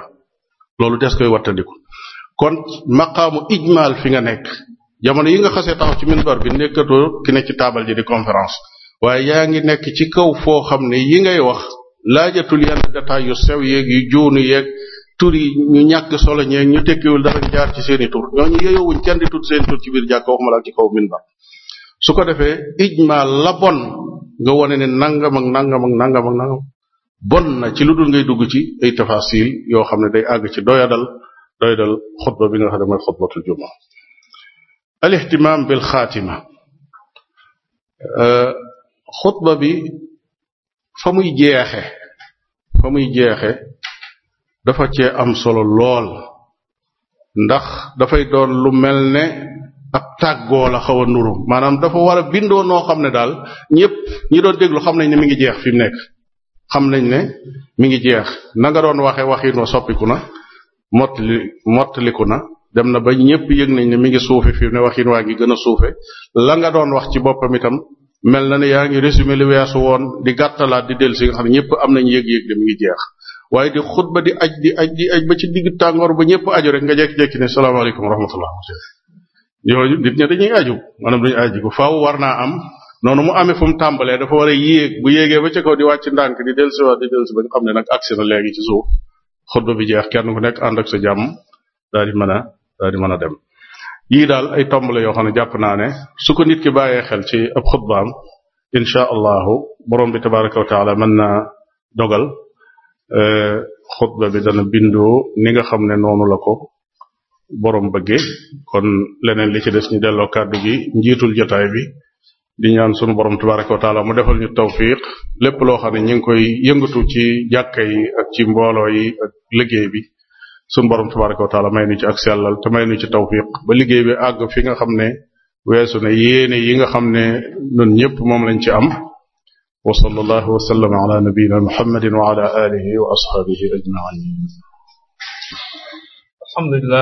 B: loolu des koy wattandiku kon maqaamu ijmaal fi nga nekk jamono yi nga xasee taxaw ci minbar bi nekkatoo ki ne ci taabal ji di conférence waaye yaa ngi nekk ci kaw foo xam ne yi ngay wax laajatul yenn détails yu sew yeeg yu juunu yeeg tur yi ñu ñàkk solo ñeeg ñu tekkiwul dara jaar ci seeni tur ñooñu yeyowuñ kenn di tudd seen tur ci biir jàkk waxuma laa ci kaw minbar su ko defee ma la bon nga wone ne nangam nangamam nangam ak nangam bon na ci lu dul ngay dugg ci ay tafasil yoo xam ne day àgg ci doyadal doyadal xutba bi nga xam ne mooy xutbatul juma al ihtimam bil xaatima euh, xutba bi fa muy jeexe fa muy jeexe dafa cee am solo lool ndax dafay doon lu mel ne ab tàggoo la xaw a nuru maanaam dafa war bindoo noo xam ne daal ñépp ñi doon déglu xam nañ ne mi ngi jeex fi mu nekk xam nañ ne mi ngi jeex nanga doon waxe waxiin wa soppiku na mottali mottaliku na dem na ba ñépp yëg nañ ne mi ngi suufe fi mu ne waxiin waa ngi gën a suufe la nga doon wax ci boppam itam mel na ne yaa ngi résumé li weesu woon di gàttalaat di dellu si nga xam ne ñëpp am nañ yëg-yëg de mi ngi jeex waaye di xutba ba di aj di aj ba ci digg tàngoor ba ñëpp aju rek nga jekki-jekki ne salaamaaleykum wa yooyu nit ña dañuy aju maanaam dañu aju ko faaw war naa am noonu mu amee fu mu tàmbalee dafa war a yéeg bu yéegee ba ca kaw di wàcc ndànk di dellu si di dellu ba nga xam ne nag agsi na léegi ci suuf xutba bi jeex kenn ku nekk ànd ak sa jàmm daal di mën a di mën a dem yii daal ay tomb la yoo xam ne jàpp naa ne su ko nit ki bàyyee xel ci ab xutbaam incha allahu borom bi tabaraka wa taala mën naa dogal e, xutba bi dana bindoo ni nga xam ne noonu la ko borom bëggee kon leneen li ci des ñu delloo kàddu gi njiitul jotaay bi di ñaan sunu borom tabaraka wa taala mu defal ñu tawfiq lépp loo xam ne ñu ngi koy yëngatu ci jàkka yi ak ci mbooloo yi ak liggéey bi sun borom tabaraka wa taala may nu ci ak sellal te may nu ci tawfiq ba liggéey bi àgg fi nga xam ne weesu na yéene yi nga xam ne nun ñëpp moom lañ ci am wa sallallahu wa sallam ala nabiyina muhammadin wa ala alihi wa ashabihi ajmain